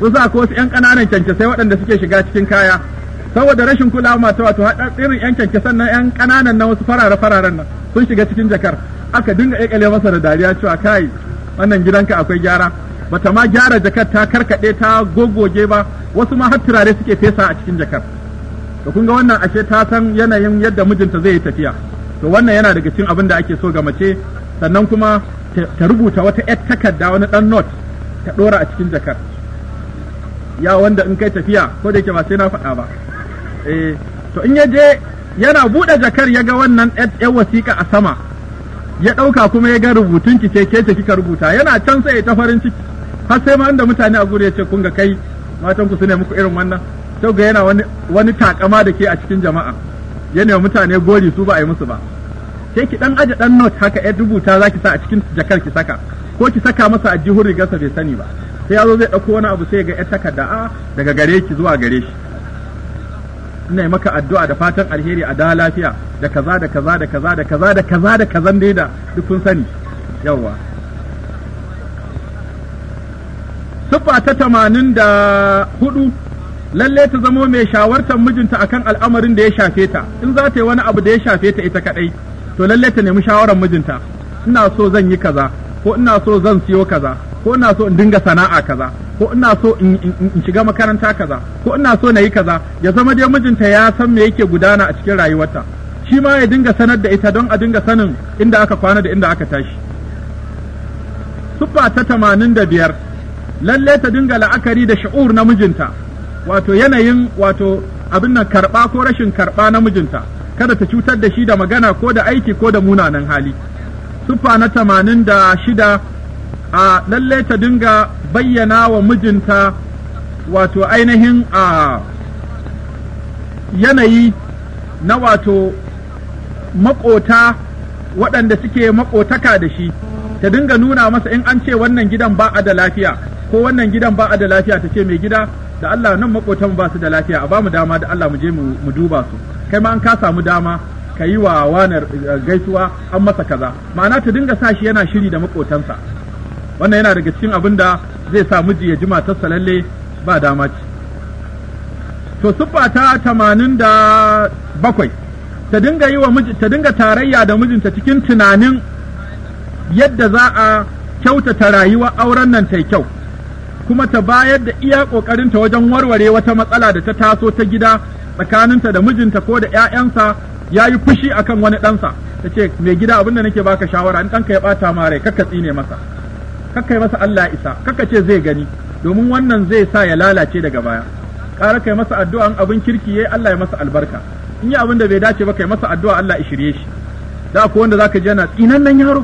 sun sa ko wasu 'yan ƙananan kyankyasai waɗanda suke shiga cikin kaya saboda rashin kulawa mata wato irin 'yan kyanke sannan 'yan ƙananan na wasu farare fararen nan sun shiga cikin jakar aka dinga ƙaƙale masa da dariya cewa kai wannan gidanka akwai gyara bata ma gyara jakar ta karkaɗe ta gogoge ba wasu ma har turare suke fesa a cikin jakar to kun ga wannan ashe ta san yanayin yadda mijinta zai yi tafiya to wannan yana daga cikin abin da ake so ga mace sannan kuma ta rubuta wata yar takarda wani dan note ta ɗora a cikin jakar ya wanda in kai tafiya ko da yake ba sai na faɗa ba eh to in ya je yana buɗe jakar ya ga wannan yar wasiƙa a sama ya ɗauka kuma ya ga rubutun ki ce ke ce kika rubuta yana can sai ta farin ciki har sai ma inda mutane a gure ya ce kun ga kai matan ku sune muku irin wannan sau ga yana wani wani takama da ke a cikin jama'a yana mutane gori su ba a yi musu ba Ke ki dan aje dan note haka ya rubuta zaki sa a cikin jakar ki saka ko ki saka masa a jihun rigarsa bai sani ba sai ya zo zai ɗauko wani abu sai ga ya takarda a daga gare ki zuwa gare shi ina yi maka addu'a da fatan alheri a da lafiya da kaza da kaza da kaza da kaza da kaza da kazan dai da duk kun sani yawwa siffa ta tamanin da hudu lalle ta zamo mai shawartar mijinta akan al'amarin da ya shafe ta in za ta yi wani abu da ya shafe ta ita kadai to lalle ta nemi shawarar mijinta ina so zan yi kaza ko ina so zan siyo kaza ko ina so in dinga sana'a kaza ko ina so in shiga makaranta kaza ko ina so na yi kaza ya zama dai mijinta ya san me yake gudana a cikin rayuwarta shi ma ya dinga sanar da ita don a dinga sanin inda aka kwana da inda aka tashi siffa ta tamanin da biyar lalle ta dinga la'akari da sha'ur na mijinta wato yanayin wato abin nan karɓa ko rashin karɓa na mijinta kada ta cutar da shi da magana ko da aiki ko da munanan hali siffa na tamanin da shida a lalle ta dinga bayyana wa mijinta wato ainihin a yanayi na wato maƙota waɗanda suke maƙotaka da shi ta dinga nuna masa in an ce wannan gidan ba a da lafiya ko wannan gidan ba a da lafiya ta ce mai gida da Allah nan maƙotan ba su da lafiya a ba mu dama da Allah mu je mu duba su kai ma an ka samu dama ka yi wa wanar eh, gaisuwa an masa kaza ma'ana ta dinga sa shi yana shiri da maƙotansa wannan yana daga cikin abin da zai sa miji ya jima tassa lalle ba dama ce to siffa ta tamanin da bakwai ta dinga yi wa miji ta dinga tarayya da mijinta cikin tunanin yadda za a kyautata rayuwar auren nan ta kyau kuma ta bayar da iya ƙoƙarinta wajen warware wata matsala da ta taso ta gida tsakaninta da mijinta ko da 'ya'yansa ya yi fushi akan wani ɗansa ta ce mai gida abin da nake baka shawara in ɗanka ya ɓata ma rai kakka tsine masa kakai masa Allah isa kaka ce zai gani domin wannan zai sa ya lalace daga baya ƙara kai masa addu'an abin kirki yayi Allah ya masa albarka in yi abin da bai dace ba kai masa addu'a Allah ya shirye shi da ko wanda zaka ji yana tsinannan yaro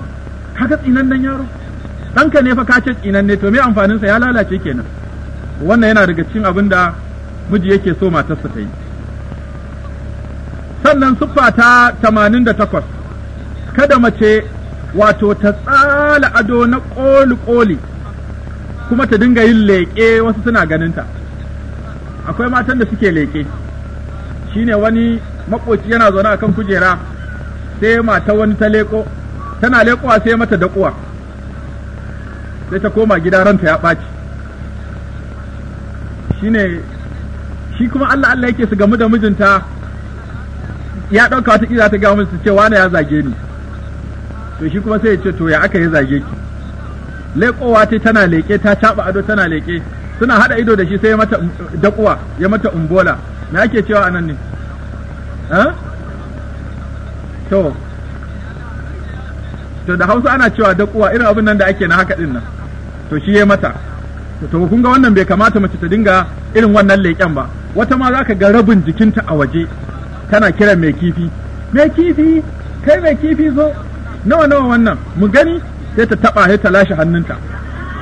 kaga tsinannan yaro ɗanka ne fa ka ce tsinanne to me amfanin sa ya lalace kenan wannan yana daga cikin abin da miji yake so matarsa ta yi sannan siffa ta 88 kada mace wato ta tsala ado na ƙoli-ƙoli kuma ta dinga yin leƙe wasu suna ganinta akwai matan da suke leƙe shine wani makoci yana zaune a kan kujera sai mata wani ta leƙo tana leƙowa sai mata daƙuwa sai ta koma gida ranta ya ɓaci shine shi kuma Allah Allah yake su gamu da mijinta ya ɗauka wata ƙiza ta gamu su ce wane ya zage ni to shi kuma sai ya ce to ya aka yi zage ki leƙowa ce tana leƙe ta caɓa ado tana leƙe suna haɗa ido da shi sai ya mata um, daƙuwa ya mata umbola me ake cewa anan ne to to da hausa ana cewa daƙuwa irin abin nan da ake na haka ɗin nan to shi ya mata to kun ga wannan bai kamata mace ta dinga irin wannan leƙen ba wata ma za ka ga rabin jikinta a waje tana kiran mai kifi mai kifi kai mai kifi zo nawa nawa wannan mu gani sai ta taba sai ta lashe hannunta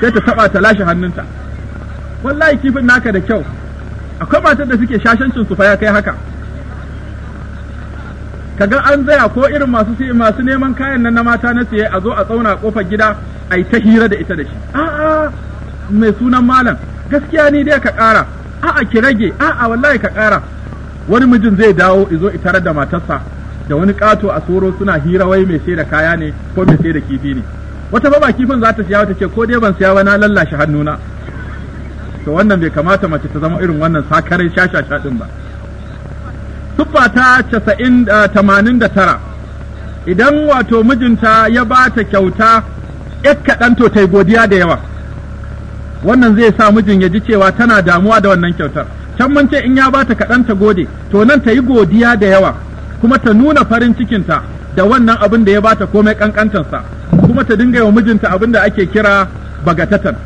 sai ta taba ta lashe hannunta wallahi kifin naka da kyau akwai matar da suke shashancin su fa ya kai haka kaga an zaya ko irin masu masu neman kayan nan na mata na siye a zo a tsauna kofar gida a yi ta hira da ita da shi a'a mai sunan malam gaskiya ni dai ka ƙara a'a ki rage a'a wallahi ka kara wani mijin zai dawo izo itarar da matarsa da wani kato a soro suna hira wai mai sai da kaya ne ko mai sai da kifi ne wata baba kifin za ta siya wata ce ko dai ban siya ba na lallashe hannuna to wannan bai kamata mace ta zama irin wannan sakarai shashasha din ba tuffa ta casa'in ah, tamanin da tara idan wato mijinta ya ba ta kyauta yak kaɗan to ta godiya da yawa wannan zai sa mijin ya ji cewa tana damuwa da wannan kyautar can mun ce in ya ba ta kaɗan ta gode to nan ta yi godiya da yawa kuma ta nuna farin cikinta da wannan abin da ya bata komai sa kuma ta dinga yawa mijinta abin da ake kira bagatatan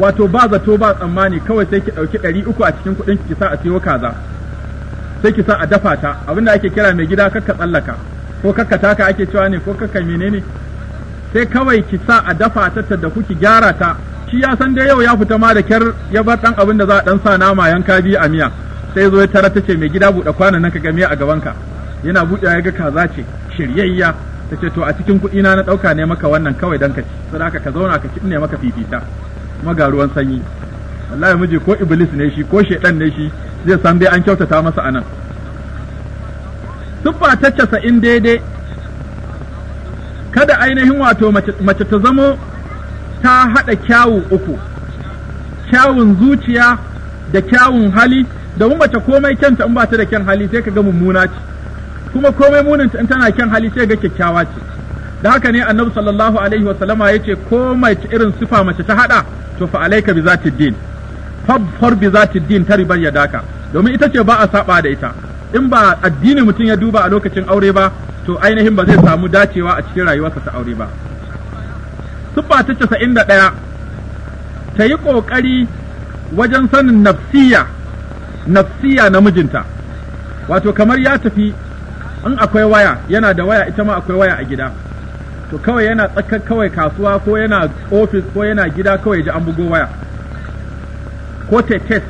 wato ba zato ba tsammani kawai sai ki ɗauki ɗari uku a cikin kuɗin ki sa a siyo kaza sai ki sa a dafa ta abin da ake kira mai gida kakka tsallaka ko kakka taka ake cewa ne ko kakka menene sai kawai ki sa a dafa ta ta da kuki gyara ta shi ya san dai yau ya fita ma da kyar ya bar ɗan abin da za a ɗan sa nama yanka biyu a miya sai zo ya tara ta ce mai gida buɗe kwanan nan ka game a gabanka yana buɗe ya ga kaza ce shiryayya ta ce to a cikin kuɗi na na ɗauka ne maka wannan kawai don ka ci sadaka ka zauna ka ci ne maka fifita kuma ga ruwan sanyi wallahi miji ko iblis ne shi ko shedan ne shi zai san dai an kyautata masa anan siffa ta casa'in daidai kada ainihin wato mace ta zamo ta haɗa kyawu uku kyawun zuciya da kyawun hali Da mu mace komai kyanta in ba ta da kyan hali sai ka ga mummuna ce kuma komai muninta in tana kyan hali sai ga kyakkyawa ce da haka ne annabi sallallahu alaihi wa sallama yace komai irin sifa mace ta hada to fa alayka bi zati din far bi zati din ta ya daka domin ita ce ba a saba da ita in ba addini mutum ya duba a lokacin aure ba to ainihin ba zai samu dacewa a cikin rayuwarsa ta aure ba siffa ta 91 ta yi kokari wajen sanin nafsiyya. nafsiya na mijinta wato kamar ya tafi in akwai waya yana da waya ita ma akwai waya a gida to kawai yana tsakar kawai kasuwa ko yana ofis ko yana gida kawai ji an bugo waya ko ta test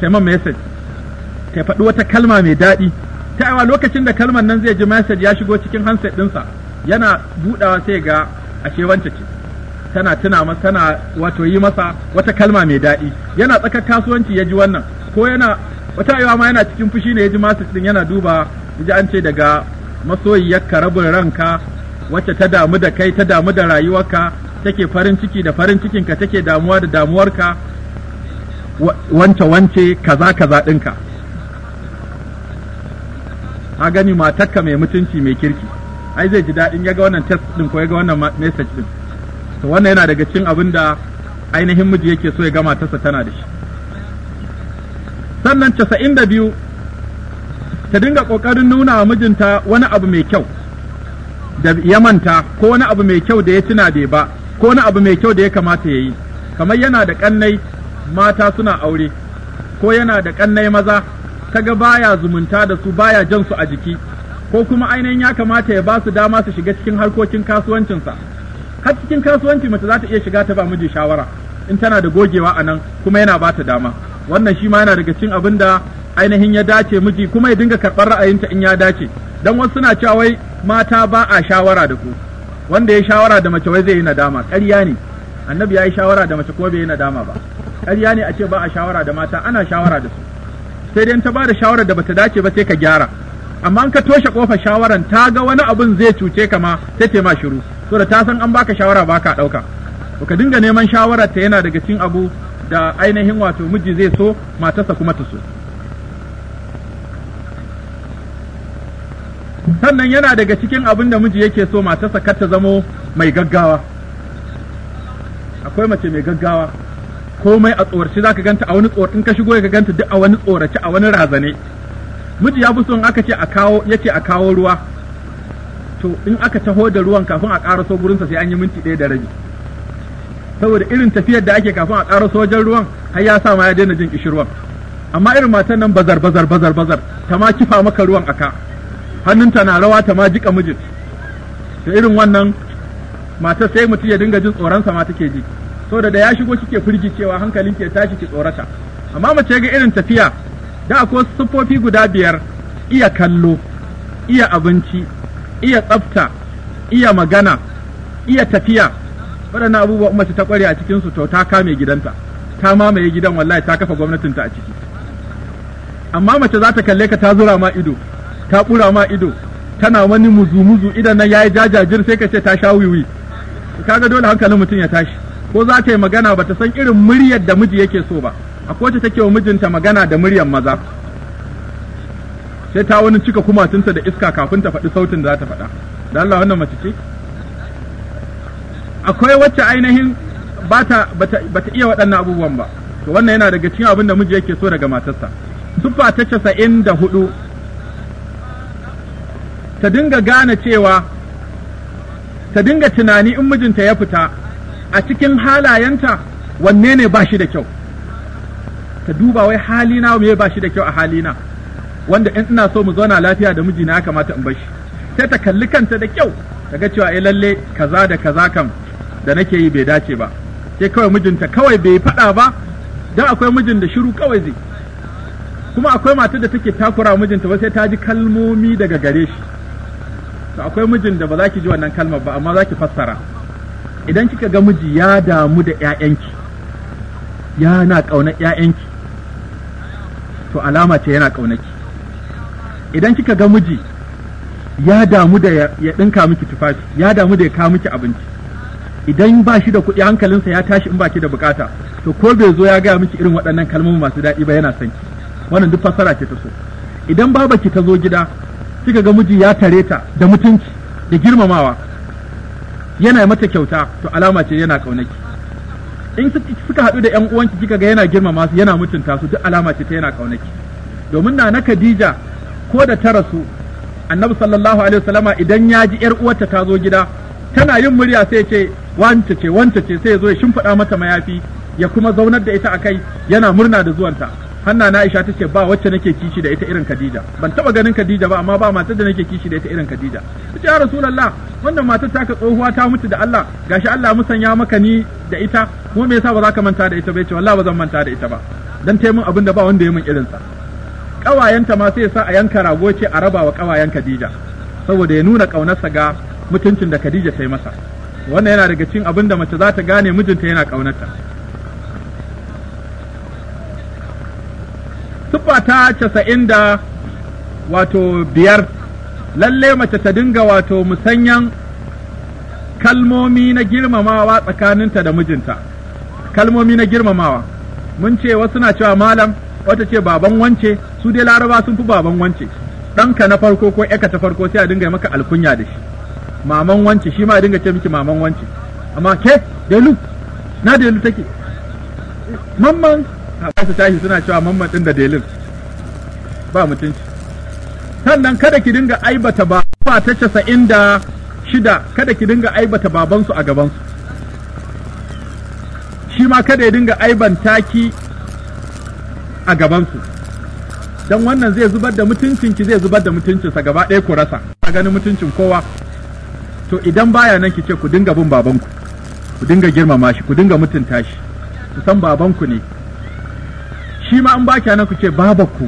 ta ma message ta faɗi wata kalma mai daɗi ta yawa lokacin da kalmar nan zai ji message ya shigo cikin handset ɗinsa yana buɗawa sai ga ashe wancan ce tana tuna masa wato yi masa wata kalma mai daɗi yana tsakar kasuwanci ya ji wannan ko yana wata yawa ma yana cikin fushi ne ya ji masu din yana duba ji an ce daga masoyiyarka rabin ranka wacce ta damu da kai ta damu da rayuwarka take farin ciki da farin cikinka take damuwa da damuwarka wance wance kaza kaza dinka. a gani matarka mai mutunci mai kirki ai zai ji daɗin ya ga wannan test ɗin ko ya ga wannan message ɗin to wannan yana daga cin abin da ainihin miji yake so ya gama tasa tana da shi sannan casa'in da biyu ta dinga ƙoƙarin nuna wa mijinta wani abu mai kyau da ya manta ko wani abu mai kyau da ya tuna bai ba ko wani abu mai kyau da ya kamata ya yi kamar yana da ƙannai mata suna aure ko yana da ƙannai maza ga baya zumunta da su baya jan su a jiki ko kuma ainihin ya kamata ya ba su dama su shiga cikin harkokin kasuwancinsa har cikin kasuwanci mace za ta iya shiga ta ba miji shawara in tana da gogewa a nan kuma yana ba ta dama wannan shi ma yana daga cin abin da ainihin ya dace miji kuma ya dinga karɓar ra'ayinta in ya dace dan wasu suna cewa wai mata ba a shawara da ku wanda ya shawara da mace wai zai yi nadama ƙarya ne annabi ya yi shawara da mace ko bai yi nadama ba ƙarya ne a ce ba a shawara da mata ana shawara da su sai dai ta ba da shawarar da bata dace ba sai ka gyara amma in ka toshe kofa shawaran ta ga wani abun zai cuce ka ma sai ta ma shiru saboda ta san an baka shawara baka ɗauka to ka dinga neman shawara ta yana daga cin abu da ainihin wato miji zai so matarsa kuma ta so sannan yana daga cikin abin da miji yake so matarsa kar ta zamo mai gaggawa akwai mace mai gaggawa komai a tsorace zaka ganta a wani tsorin ka shigo ka ganta duk a wani tsorace a wani razane miji ya fi son aka ce a kawo yace a kawo ruwa to in aka taho da ruwan kafin a ƙaraso gurinsa sai an yi minti ɗaya da rabi saboda irin tafiyar da ake kafin a ƙara sojan ruwan har ya sa ma ya daina jin kishirwan amma irin matan nan bazar bazar bazar bazar ta ma kifa maka ruwan aka hannunta na rawa ta ma jika mijin da irin wannan mata sai mutum ya dinga jin tsoron sa ma take ji saboda da ya shigo kike cewa hankalin ke tashi ki tsorata amma mace ga irin tafiya da akwai siffofi guda biyar iya kallo iya abinci iya tsafta iya magana iya tafiya waɗannan abubuwa mace ta ƙware a cikinsu to ta kame gidanta ta mamaye gidan wallahi ta kafa gwamnatin ta a ciki amma mace za ta kalle ka ta zura ma ido ta ƙura ma ido tana wani muzu-muzu idan nan yayi jajajir sai ka ce ta sha wiwi kaga dole hankalin mutum ya tashi ko za ta yi magana ba ta san irin muryar da miji yake so ba a kowace take wa mijinta magana da muryar maza sai ta wani cika kumatunta da iska kafin ta faɗi sautin da za ta faɗa da Allah wannan mace ce akwai wacce ainihin bata bata iya waɗannan abubuwan ba to wannan yana daga cikin abin da miji yake so daga matarsa Sufa ta casa'in da hudu ta dinga gane cewa ta dinga tunani in mijinta ya fita a cikin halayenta wanne ne ba shi da kyau ta duba wai halina me ba shi da kyau a hali na? wanda in ina so mu zauna lafiya da mijina ya kamata in bashi sai ta kalli kanta da kyau ta ga cewa eh lalle kaza da kaza kam da nake yi bai dace ba sai kawai mijinta kawai bai faɗa ba dan akwai mijin da shiru kawai zai kuma akwai matar da take takura mijinta ba sai ta ji kalmomi daga gare shi to akwai mijin da ba za ki ji wannan kalmar ba amma za ki fassara idan kika ga miji ya damu da ƴaƴanki yana ƙaunar ƴaƴanki to alama ce yana ƙaunaki idan kika ga miji ya damu da ya ɗinka miki tufafi ya damu da ya kawo miki abinci idan ba shi da kuɗi hankalinsa ya tashi in ba da bukata to ko bai zo ya gaya miki irin waɗannan kalmomi masu daɗi ba yana son ki wannan duk fassara ce ta so idan baba ki ta zo gida kika ga miji ya tare ta da mutunci da girmamawa yana mata kyauta to alama ce yana kaunaki in suka haɗu da ƴan uwanki kika ga yana girmama su yana mutunta su duk alama ce ta yana kaunaki domin na na Khadija ko da ta rasu annabi sallallahu alaihi wasallama idan ya ji ƴar uwarta ta zo gida tana yin murya sai ce wance ce wance ce sai ya zo ya shimfiɗa mata mayafi ya kuma zaunar da ita a kai yana murna da zuwanta hanna na Aisha ce ba wacce nake kishi da ita irin Khadija ban taba ganin Khadija ba amma ba matar da nake kishi da ita irin Khadija ce ya Rasulullah wannan matar ka tsohuwa ta mutu da Allah gashi Allah musanya maka ni da ita kuma me yasa ba za ka manta da ita ba yace wallahi ba zan manta da ita ba dan tayi min abin da ba wanda ya min irinsa. sa kawayenta ma sai ya sa a yanka rago ce a raba wa kawayen Khadija saboda ya nuna kaunarsa ga mutuncin da Khadija ta yi masa wannan yana daga cikin abin da mace za ta gane mijinta yana ƙaunarta siffa ta casa'in da wato biyar lalle mace ta dinga wato musanyan kalmomi na girmamawa tsakaninta da mijinta kalmomi na girmamawa mun ce wasu na cewa malam wata ce baban wance su dai laraba sun fi baban wance ɗanka na farko ko ƴaka ta farko sai a dinga maka alkunya da shi maman wanci shi ma ya dinga ce miki maman wanci amma ke delu na delu take mamman a su tashi suna cewa mamman ɗin da delin ba mutunci sannan kada ki dinga aibata ba ba ta casa'in shida kada ki dinga aibata babansu a gabansu shi ma kada ya dinga aibanta ki a gabansu don wannan zai zubar da mutuncinki zai zubar da mutuncinsa gaba ɗaya ku rasa a ganin mutuncin kowa to idan baya nan ki ce ku dinga bin babanku ku dinga girmama shi ku dinga mutunta shi ku san babanku ne shi ma an baki nan ku ce babanku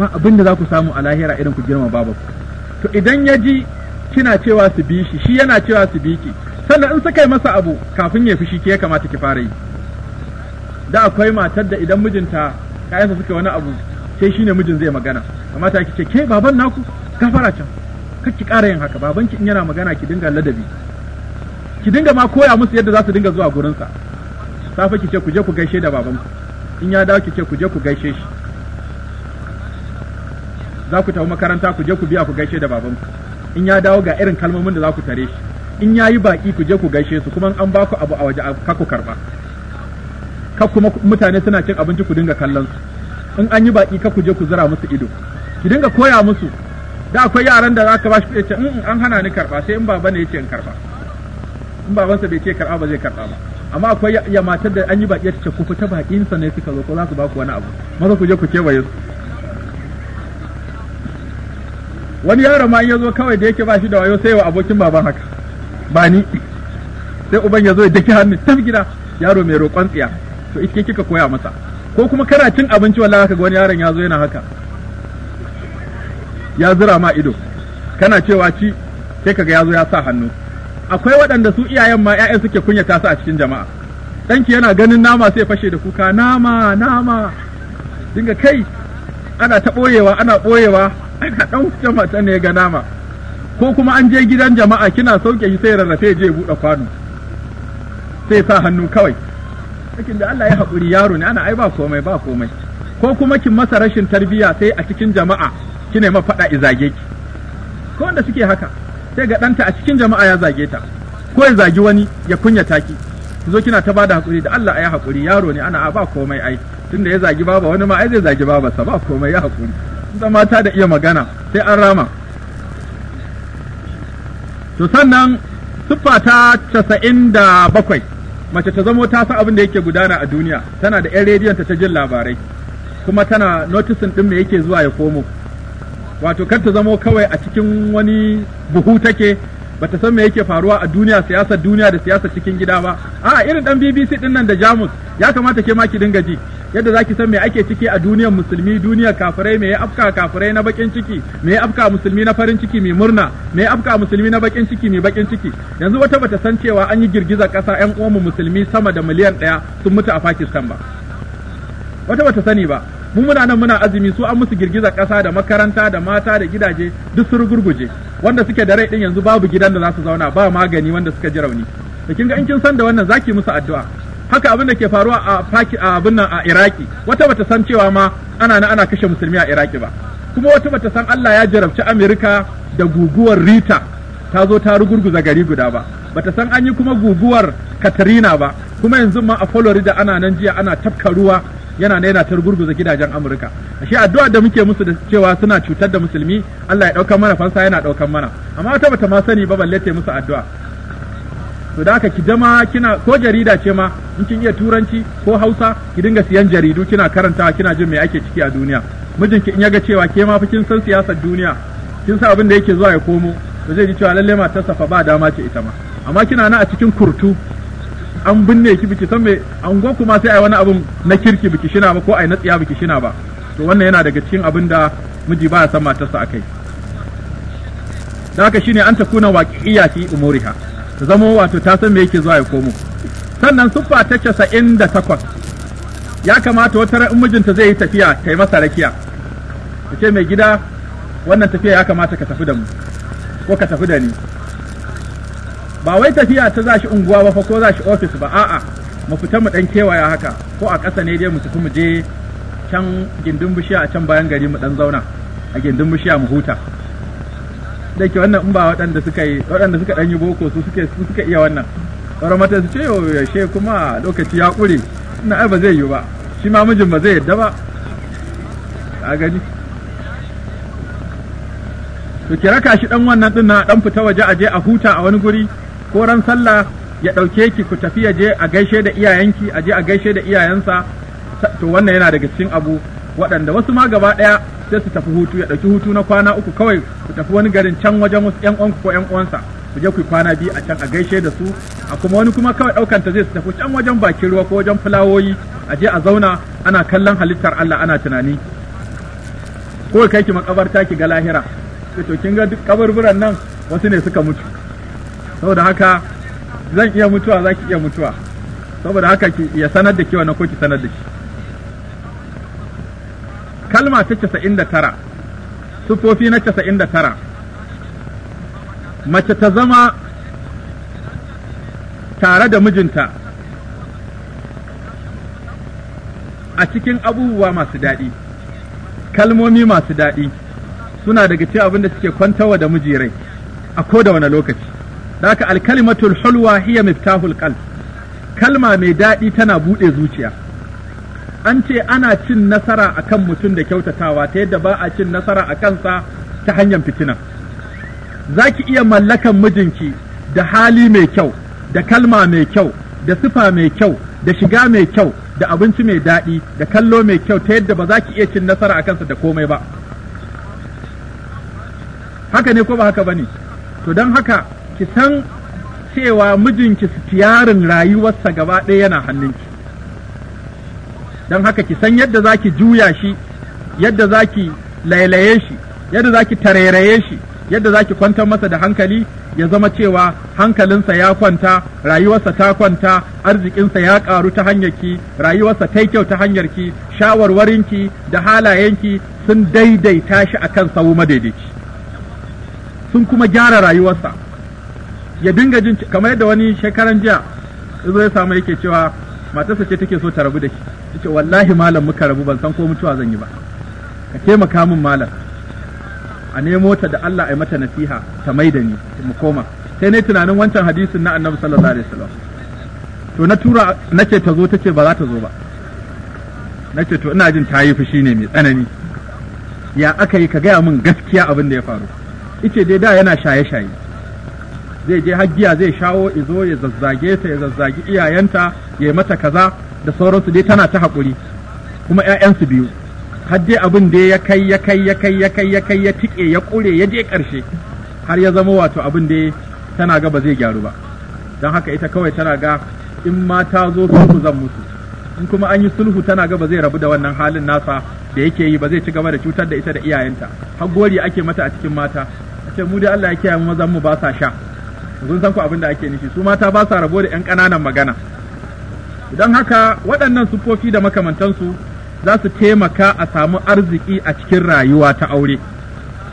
ba abin da za ku samu a lahira irin ku girma babanku to idan ya ji kina cewa su bi shi shi yana cewa su bi ki sannan in suka yi masa abu kafin ya fushi ke ya kamata ki fara yi da akwai matar da idan mijinta kayansa suka wani abu sai shine mijin zai magana kamata ki ce ke baban naku gafara can ki ƙara yin haka babanki in yana magana ki dinga ladabi ki dinga ma koya musu yadda za su dinga zuwa gurinsa safe ki ce ku je ku gaishe da babanku in ya dawo ki ce ku je ku gaishe shi za ku tafi makaranta ku je ku biya ku gaishe da babanku in ya dawo ga irin kalmomin da za ku tare shi in ya yi baƙi ku je ku gaishe su kuma an ba ku abu a waje ka ku karɓa ka kuma mutane suna cin abinci ku dinga kallon su in an yi baƙi ka ku je ku zira musu ido ki dinga koya musu da akwai yaran da zaka bashi kuɗi ce in mm, an hana ni karba sai in baba ne yake in karba in babansa bai ce karba ba zai karba ba amma akwai ya matar da an yi baki ta ce ku fita bakin sa ne suka zo ko za su ba ku wani abu maza ku je ku kewaye su wani yaro ma ya zo kawai da yake ba shi da wayo sai wa abokin baban haka ba ni sai uban ya zo ya daki hannu tafi gida yaro mai roƙon tsiya to ita kika koya masa ko kuma kana cin abinci wallahi haka wani yaron ya zo yana haka ya zura ma ido kana cewa ci sai kaga ya zo ya sa hannu akwai waɗanda su iyayen ma ƴaƴan suke kunyata su a cikin jama'a ɗanki yana ganin nama sai fashe da kuka nama nama dinga kai ana ta ɓoyewa ana ɓoyewa ana ɗan wuce mata ne ga nama ko kuma an je gidan jama'a kina sauke shi sai rarrafe je buɗe kwano sai sa hannu kawai sakin da Allah ya haƙuri yaro ne ana ai ba komai ba komai ko kuma kin masa rashin tarbiyya sai a cikin jama'a ki ma faɗa i zage ki ko wanda suke haka sai ga ɗanta a cikin jama'a ya zage ta ko ya zagi wani ya kunyata ki ki zo kina ta bada hakuri da Allah ayi hakuri yaro ne ana a ba komai ai tunda ya zagi baba wani ma ai zai zagi babarsa ba komai ya hakuri da mata da iya magana sai an rama to sannan siffa ta casa'in da bakwai mace ta zamo ta san abin da yake gudana a duniya tana da 'yan rediyonta ta jin labarai kuma tana notisin ɗin me yake zuwa ya komo wato kar ta zamo kawai a cikin wani buhu take bata san me yake faruwa a duniya siyasar duniya da siyasar cikin gida ba a irin dan BBC din nan da Jamus ya kamata ke ma ki dinga ji yadda zaki san me ake ciki a duniyar musulmi duniyar kafirai me ya afka kafirai na bakin ciki me ya afka musulmi na farin ciki mai murna me ya afka musulmi na bakin ciki mai bakin ciki yanzu wata bata san cewa an yi girgizar kasa yan uwan musulmi sama da miliyan ɗaya sun mutu a Pakistan ba wata bata sani ba mu muna nan muna azumi su an musu girgiza ƙasa da makaranta da mata da gidaje duk su rugurguje wanda suke da rai din yanzu babu gidan da za su zauna ba magani wanda suka ji rauni da kin ga in kin san da wannan zaki musu addu'a haka abin da ke faruwa a faki a abin nan a Iraki wata bata san cewa ma ana nan ana kashe musulmi a Iraki ba kuma wata bata san Allah ya jarabci Amerika da guguwar Rita ta zo ta rugurguza gari guda ba bata san an yi kuma guguwar Katrina ba kuma yanzu ma a Florida ana nan jiya ana tafka ruwa yana na yana tar gurguza gidajen Amurka ashe addu'a da muke musu da cewa suna cutar da musulmi Allah ya dauka mana fansa yana daukan mana amma wata bata ma sani ba balle ta musu addu'a to da haka ki zama kina ko jarida ce ma in kin iya turanci ko Hausa ki dinga siyan jaridu kina karantawa kina jin me ake ciki a duniya mijinki in ya ga cewa ke ma fi kin san siyasar duniya kin san abin da yake zuwa ya komo to zai ji cewa lalle matarsa fa ba dama ce ita ma amma kina nan a cikin kurtu an binne ki biki san me angon kuma sai ai wani abun na kirki biki shina ba ko ai na tsiya biki shina ba to wannan yana daga cikin abin da miji ba san matarsa akai da haka shine an takuna waqiya fi umuriha ta zamo wato ta san me yake zuwa ya komo sannan siffa ta 98 ya kamata wata ran mijinta zai yi tafiya kai masa rakiya ta ce mai gida wannan tafiya ya kamata ka tafi da mu ko ka tafi da ni ba wai tafiya ta zashi unguwa ba fa ko zashi ofis ba a'a mu fita mu dan kewaya haka ko a ƙasa ne dai mu tafi mu je can gindin bishiya a can bayan gari mu dan zauna a gindin bishiya mu huta da ke wannan in ba waɗanda suka yi waɗanda suka ɗan yi boko su suka su suka iya wannan sauran mata su ce yaushe kuma lokaci ya ƙure ina ai ba zai yi ba shi ma mijin ba zai yadda ba a gani to ki raka shi dan wannan din na dan fita waje aje a huta a wani guri ko ran sallah ya ɗauke ki ku tafi ya je a gaishe da iyayenki a je a gaishe da iyayensa to wannan yana daga cikin abu waɗanda wasu ma gaba ɗaya sai su tafi hutu ya ɗauki hutu na kwana uku kawai ku tafi wani garin can wajen wasu ƴan uwanku ko ƴan uwansa ku je ku kwana biyu a can a gaishe da su a kuma wani kuma kawai ɗaukanta zai su tafi can wajen bakin ruwa ko wajen fulawoyi a je a zauna ana kallon halittar Allah ana tunani ko kai ki makabarta ki ga lahira to kin ga duk kaburburan nan wasu ne suka mutu saboda haka zan iya mutuwa za ki iya mutuwa saboda haka ki ya sanar da ki wannan ko ki sanar da shi kalma ta casa'in da tara sufofi na casa'in da tara mace ta zama tare da mijinta a cikin abubuwa masu daɗi kalmomi masu daɗi suna daga ce abin da suke kwantawa da mijirai a ko da wani lokaci Daka alkalimatul hulwa hiya miftahul qalb kalma mai daɗi tana buɗe zuciya an ce ana cin nasara akan mutum da kyautatawa ta yadda ba a cin nasara a kansa ta hanyar fitina za ki iya mallakan mijinki da hali mai kyau da kalma mai kyau da sifa mai kyau da shiga mai kyau da abinci mai daɗi da kallo mai kyau ta yadda ba za ki iya cin nasara a kansa da komai ba haka ne ko ba haka ba ne to don haka ki san cewa mijinki sitiyarin rayuwarsa gaba ɗaya yana hannunki don haka ki san yadda za ki juya shi yadda za ki lailaye shi yadda za ki tarairaye shi yadda za ki kwantar masa da hankali ya zama cewa hankalinsa ya kwanta rayuwarsa ta kwanta arzikinsa ya ƙaru ta hanyarki rayuwarsa ta kyau ta hanyarki shawarwarinki da halayenki sun daidaita shi kan sawu madaidaici sun kuma gyara rayuwarsa ya dinga jin kamar yadda wani shekaran jiya zo ya samu yake cewa matarsa ce take so ta rabu da shi yace wallahi malam muka rabu ban san ko mutuwa zan yi ba ka taimaka min malam a nemo ta da Allah ai mata nasiha ta maida ni mu koma sai nayi tunanin wancan hadisin na Annabi sallallahu alaihi wasallam to na tura nace ta zo tace ba za ta zo ba nace to ina jin tayi fushi ne mai tsanani ya aka yi ka gaya min gaskiya abin da ya faru ice dai da yana shaye-shaye zai je hajjiya zai shawo izo ya zazzage ta ya zazzagi iyayenta ya mata kaza da sauransu dai tana ta haƙuri kuma 'ya'yansu biyu har dai abin da ya kai ya kai ya kai ya kai ya kai ya tike ya ƙure ya je ƙarshe har ya zama wato abin da tana ga ba zai gyaru ba don haka ita kawai tana ga in ma ta zo sulhu zan mutu in kuma an yi sulhu tana ga ba zai rabu da wannan halin nasa da yake yi ba zai ci gaba da cutar da ita da iyayenta har gori ake mata a cikin mata a ce mu dai Allah ya kiyaye mu mazan mu ba sa sha sun san ku abin da ake nufi su mata ba sa rabo da ƴan ƙananan magana idan haka waɗannan siffofi da makamantansu za su taimaka a samu arziki a cikin rayuwa ta aure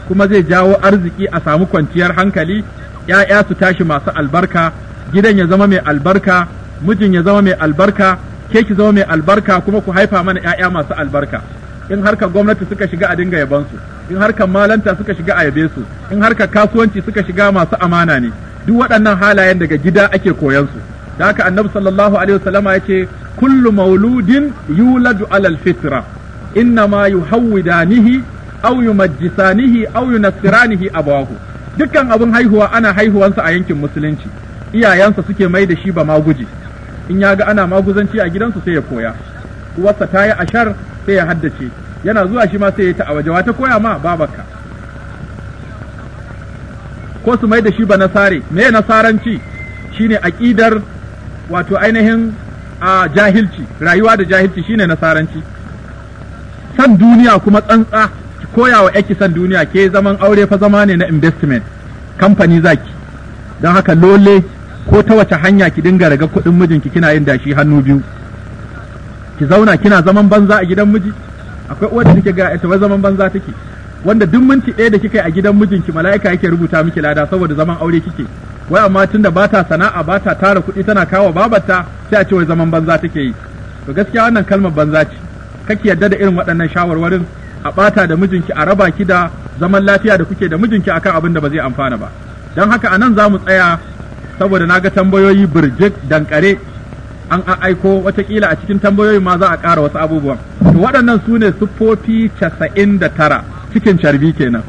kuma zai jawo arziki a samu kwanciyar hankali ‘ya'ya su tashi masu albarka gidan ya zama mai albarka mijin ya zama mai albarka ke ki zama mai albarka kuma ku haifa mana ‘ya'ya masu albarka in harkar gwamnati suka shiga a dinga yabansu in harkar malanta suka shiga a yabe su in harkar kasuwanci suka shiga masu amana ne duk waɗannan halayen daga gida ake koyan su da haka annabi sallallahu alaihi wasallama ce kullu mauludin yuladu alal fitra inna ma yuhawwidanihi aw yumajjisanihi aw yunassiranihi abahu dukkan abin haihuwa ana haihuwansa a yankin musulunci iyayensa suke mai da shi ba maguji in ya ga ana maguzanci a gidansu sai ya koya uwarsa ta yi ashar sai ya haddace yana zuwa shi ma sai ya ta a waje ta koya ma babarka ko su mai da shi ba nasare me nasaranci shine aqidar wato ainihin a jahilci rayuwa da jahilci shine nasaranci san duniya kuma tsantsa ki koya wa yaki san duniya ke zaman aure fa zama ne na investment kamfani zaki don haka lole ko ta wace hanya ki dinga raga kuɗin mijinki kina yin dashi hannu biyu ki zauna kina zaman banza a gidan miji akwai uwar da take ga ita zaman banza take wanda duk minti ɗaya da kika yi a gidan mijinki mala'ika yake rubuta miki lada saboda zaman aure kike wai amma tunda ba ta sana'a ba ta tara kuɗi tana kawo babarta sai a ce wai zaman banza take yi to gaskiya wannan kalmar banza ce kake yarda da irin waɗannan shawarwarin a ɓata da mijinki a raba ki da zaman lafiya da kuke da mijinki akan abin da ba zai amfana ba don haka anan za mu tsaya saboda na ga tambayoyi birjik dankare an aiko watakila a cikin tambayoyin ma za a ƙara wasu abubuwan to waɗannan su ne siffofi casa'in da tara cikin carbi kenan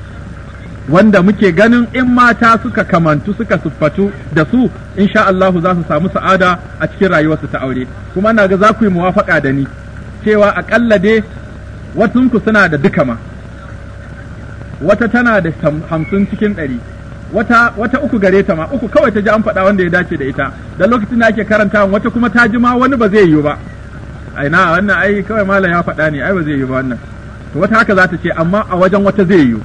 wanda muke ganin in mata suka kamantu suka siffatu da su insha Allah za su samu sa'ada a cikin rayuwarsu ta aure kuma na ga za ku yi muwafaka da ni cewa aƙalla dai ku suna da duka ma wata tana da hamsin cikin ɗari wata wata uku gare ta ma uku kawai ta ji an faɗa wanda ya dace da ita da lokacin da ake karanta wata kuma ta ji ma wani ba zai yi ba ai na wannan ai kawai malam ya faɗa ne ai ba zai yi ba wannan to wata haka za ta ce amma a wajen wata zai yiwu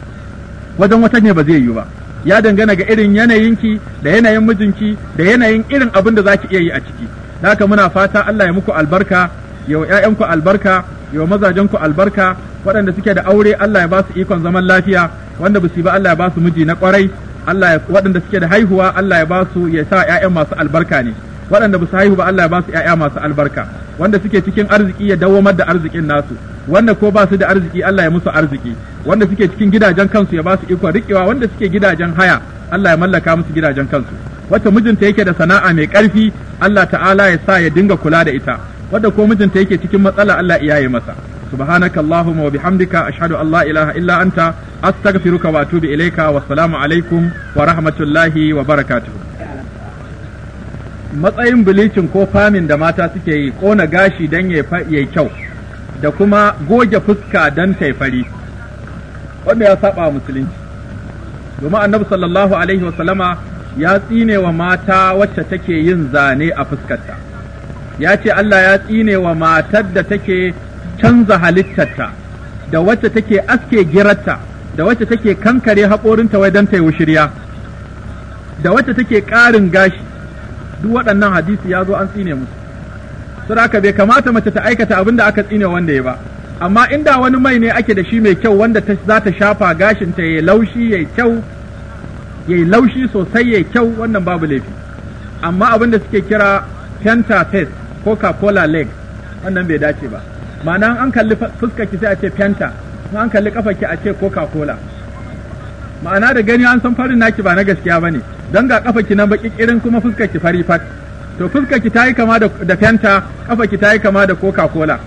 wajen wata ne ba zai yiwu ba ya dangana ga irin yanayinki da yanayin mijinki da yanayin irin abin da za ki iya yi a ciki Da haka muna fata Allah ya muku albarka ya wa ƴaƴanku albarka ya mazajenku albarka waɗanda suke da aure Allah ya ba su ikon zaman lafiya wanda ba su ba Allah ya ba su miji na ƙwarai Allah waɗanda suke da haihuwa Allah ya ba su ya sa ƴaƴan masu albarka ne waɗanda ba su haihu ba Allah ya ba su ƴaƴa masu albarka wanda suke cikin arziki ya dawwamar da arzikin nasu wanda ko ba su da arziki Allah ya musu arziki wanda suke cikin gidajen kansu ya ba su ikon riƙewa wanda suke gidajen haya Allah ya mallaka musu gidajen kansu Wata mijinta yake da sana'a mai ƙarfi Allah ta'ala ya sa ya dinga kula da ita Wadda ko mijinta yake cikin matsala Allah iyaye masa سبحانك اللهم وبحمدك أشهد أن لا إله إلا أنت أستغفرك وأتوب إليك والسلام عليكم ورحمة الله وبركاته matsayin bilicin ko famin da mata suke yi ƙona gashi don ya yi kyau da kuma goge fuska don taifari wanda ya saba musulunci domin annabi sallallahu alaihi wasallama ya tsine wa mata wacce take yin zane a fuskarta ya ce Allah ya tsine wa matar da take canza halittarta da wacce take aske girarta da wacce take kankare haƙorinta wai don ta yi da wacce take ƙarin gashi duk waɗannan hadisi ya zo an tsine musu saboda bai kamata mace ta aikata abin da aka tsine wanda ya ba amma inda wani mai ne ake da shi mai kyau wanda ta, za ta shafa gashin ta yayi laushi yayi kyau yayi laushi sosai yayi kyau wannan babu laifi amma abin da suke kira Penta face coca cola leg wannan bai dace ba ma'ana an kalli fuskar ki sai a ce Penta an kalli kafa ki a ce coca cola ma'ana da gani an san farin naki ba na gaskiya bane dan ga kafa ki nan baki kuma fuskar ki fari fat to fuskar ki tayi kama da da fenta kafa ki tayi kama da coca cola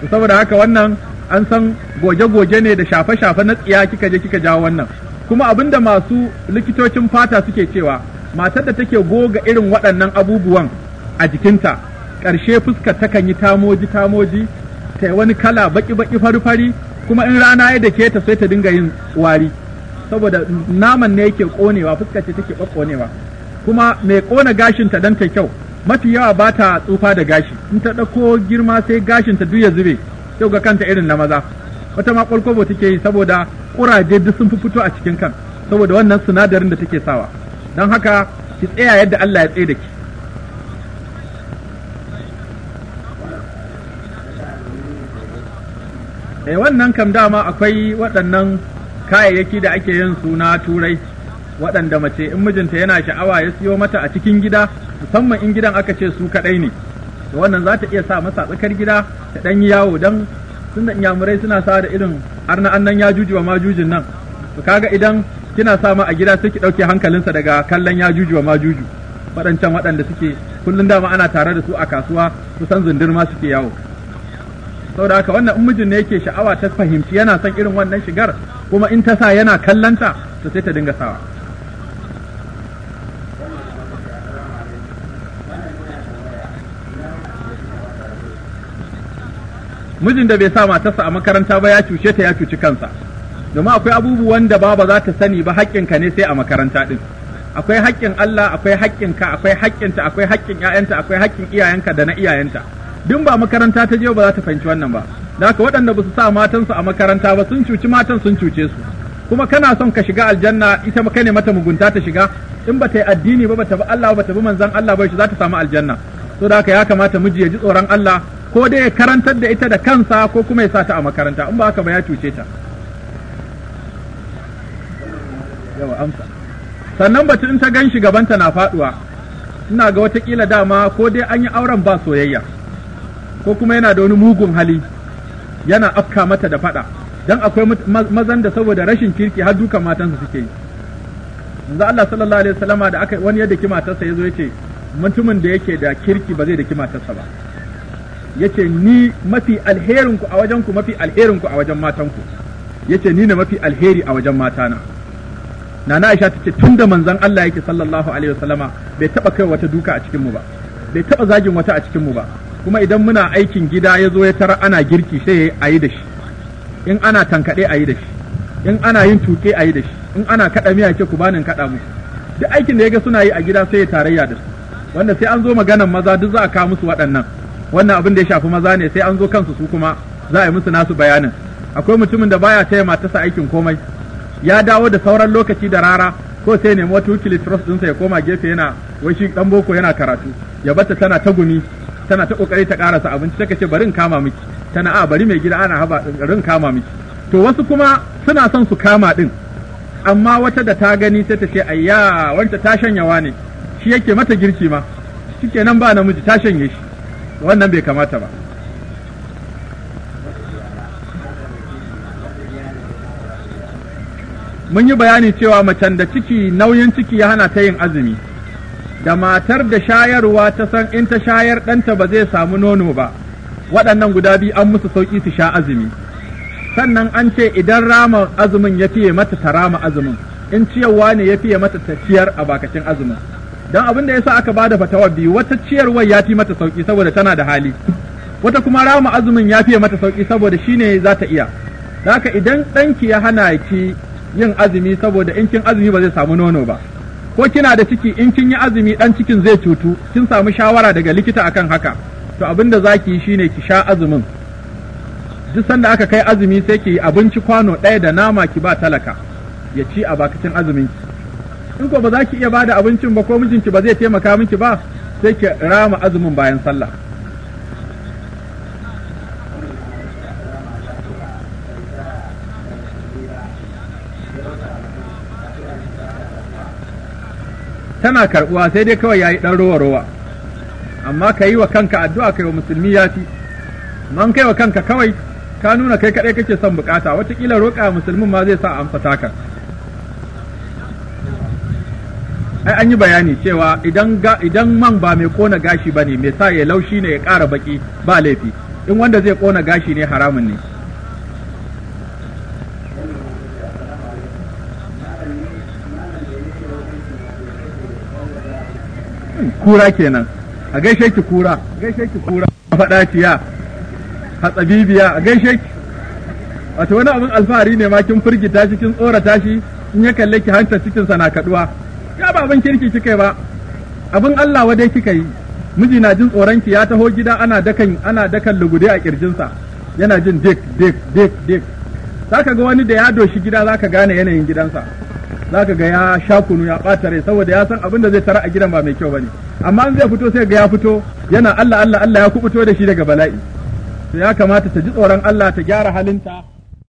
to saboda haka wannan an san goge goge ne da shafe shafe na tsiya kika je kika jawo wannan kuma abinda masu likitocin fata suke cewa matar da take goga irin waɗannan abubuwan a jikinta ƙarshe fuskar takan yi tamoji tamoji ta wani kala baki baki fari fari kuma in rana ya dake ta sai ta dinga yin wari saboda naman ne yake konewa fuska ce take konewa kuma mai kona gashin ta dan ta kyau mafi yawa ba ta tsufa da gashi in ta ɗauko girma sai gashin ta duya zube sai ga kanta irin na maza wata ma kwalkwabo take yi saboda kuraje duk sun fufuto fito a cikin kan saboda wannan sinadarin da take sawa don haka ki tsaya yadda Allah ya tsaye da ki eh wannan kam dama akwai waɗannan kayayyaki da ake yin suna turai waɗanda mace in mijinta yana sha'awa ya siyo mata a cikin gida musamman in gidan aka ce su kaɗai ne to wannan za ta iya sa masa tsakar gida ta ɗan yi yawo don tunda inyamurai suna sa da irin arna annan ya jujuwa ma jujin nan to kaga idan kina sa ma a gida sai ki ɗauke hankalinsa daga kallon ya jujuwa ma juju waɗancan waɗanda suke kullum dama ana tare da su a kasuwa kusan zundur ma suke yawo saboda haka wannan in mijin ne yake sha'awa ta fahimci yana son irin wannan shigar kuma in ta sa yana kallanta to sai ta dinga sawa mijin da bai sa matarsa a makaranta ba ya cuce ta ya cuci kansa domin akwai abubuwan da ba za ta sani ba haƙƙinka ne sai a makaranta ɗin. akwai haƙƙin Allah akwai haƙƙinka akwai haƙƙinta akwai haƙƙin ƴaƴanta akwai haƙƙin iyayenka da na iyayenta Dun ba makaranta ta je ba za ta fahimci wannan ba da haka waɗanda ba su sa matansu a makaranta ba sun cuci matan sun cuce su kuma kana son ka shiga aljanna ita ma ne mata mugunta ta shiga in ba ta yi addini ba ba ta bi Allah ba ta bi manzon Allah ba shi za ta samu aljanna so da haka ya kamata miji ya ji tsoron Allah ko dai ya karantar da ita da kansa ko kuma ya sa ta a makaranta in ba haka ba ya cuce ta yawa amsa sannan batu in ta gan shi gabanta na faduwa ina ga watakila dama ko dai an yi auren ba soyayya ko kuma yana da wani mugun hali yana afka mata da faɗa dan akwai mazan da saboda rashin kirki har dukan matansa suke yi yanzu Allah sallallahu alaihi wasallama da aka wani ya daki matarsa yazo yace mutumin da yake da kirki ba zai da matarsa ba yace ni mafi alherin ku a wajen ku mafi alherin ku a wajen matan ku yace ni ne mafi alheri a wajen matana Nana Aisha tace tunda manzon Allah yake sallallahu alaihi wasallama bai taba kai wata duka a cikin mu ba bai taba zagin wata a cikin mu ba kuma idan muna aikin gida ya zo ya tara ana girki sai a yi da shi in ana tankaɗe a yi da shi in ana yin tuƙe a yi da shi in ana kaɗa miya ke ku banin kaɗa musu duk aikin da ya ga suna yi a gida sai ya tarayya da su wanda sai an zo maganan maza duk za a kawo musu waɗannan wannan abin da ya shafi maza ne sai an zo kansu su kuma za a yi musu nasu bayanin akwai mutumin da baya taya matarsa aikin komai ya dawo da sauran lokaci da rara ko sai nemi wata wikili trust ɗinsa ya koma gefe yana wai shi ɗan boko yana karatu ya bata tana tagumi tana ta kokari ta karasa abinci take ce bari in kama miki tana a bari mai gida ana haba rin kama miki to wasu kuma suna son su kama din amma wata da ta gani sai ta ce ayya wanda ta shanya ne shi yake mata girki ma nan ba namiji ta shanye shi wannan bai kamata ba mun yi bayani cewa macen da ciki nauyin ciki ya hana ta yin azumi da matar da shayarwa ta san in ta shayar ɗanta ba zai samu nono ba waɗannan guda biyu an musu sauƙi su sha azumi sannan an ce idan rama azumin ya fiye mata ta rama azumin in ciyarwa ne ya fiye mata ta ciyar a bakacin azumin don abin da ya sa aka bada fatawa biyu wata ciyarwar ya fi mata sauƙi saboda tana da hali wata kuma rama azumin ya fiye mata sauƙi saboda shi ne za ta iya haka idan ɗanki ya hana ki yin azumi saboda in kin azumi ba zai samu nono ba ko kina da ciki in kin yi azumi dan cikin zai cutu kin samu shawara daga likita akan haka to abin da zaki yi shine ki sha azumin duk sanda aka kai azumi sai ki yi abinci kwano ɗaya da nama ki ba talaka ya ci a bakacin azumin ki in ko ba za iya bada abincin ba ko mijinki ba zai taimaka miki ba sai ki rama azumin bayan sallah tana karɓuwa sai dai kawai ya yi ɗan rowa rowa amma ka yi wa kanka addu'a kai wa musulmi ya fi man kai wa kanka kawai ka nuna kai kaɗai kake son bukata watakila roƙa musulmin ma zai sa an fata ka ai an yi bayani cewa idan idan man ba mai kona gashi ba ne mai sa ya laushi ne ya ƙara baƙi ba laifi in wanda zai kona gashi ne haramun ne kura kenan a gaishe ki kura a gaishe ki kura A faɗa ciya hatsabibiya a gaishe ki wato wani abin alfahari ne ma kin firgita shi kin tsorata shi in ya kalle ki hanta cikin sana na kaduwa ya ba abin kirki kika ba abin Allah wadai kika yi miji na jin tsoron ki ya taho gida ana dakan ana dakan lugude a kirjinsa yana jin dik dik dik dik zaka ga wani da ya doshi gida zaka gane yanayin gidansa za ka ga ya sha kunu ya ɓata rai saboda ya san abin da zai tara a gidan ba mai kyau ba ne amma in zai fito sai ga ya fito yana Allah Allah Allah ya kubuto da shi daga bala'i to ya kamata ta ji tsoron Allah ta gyara halinta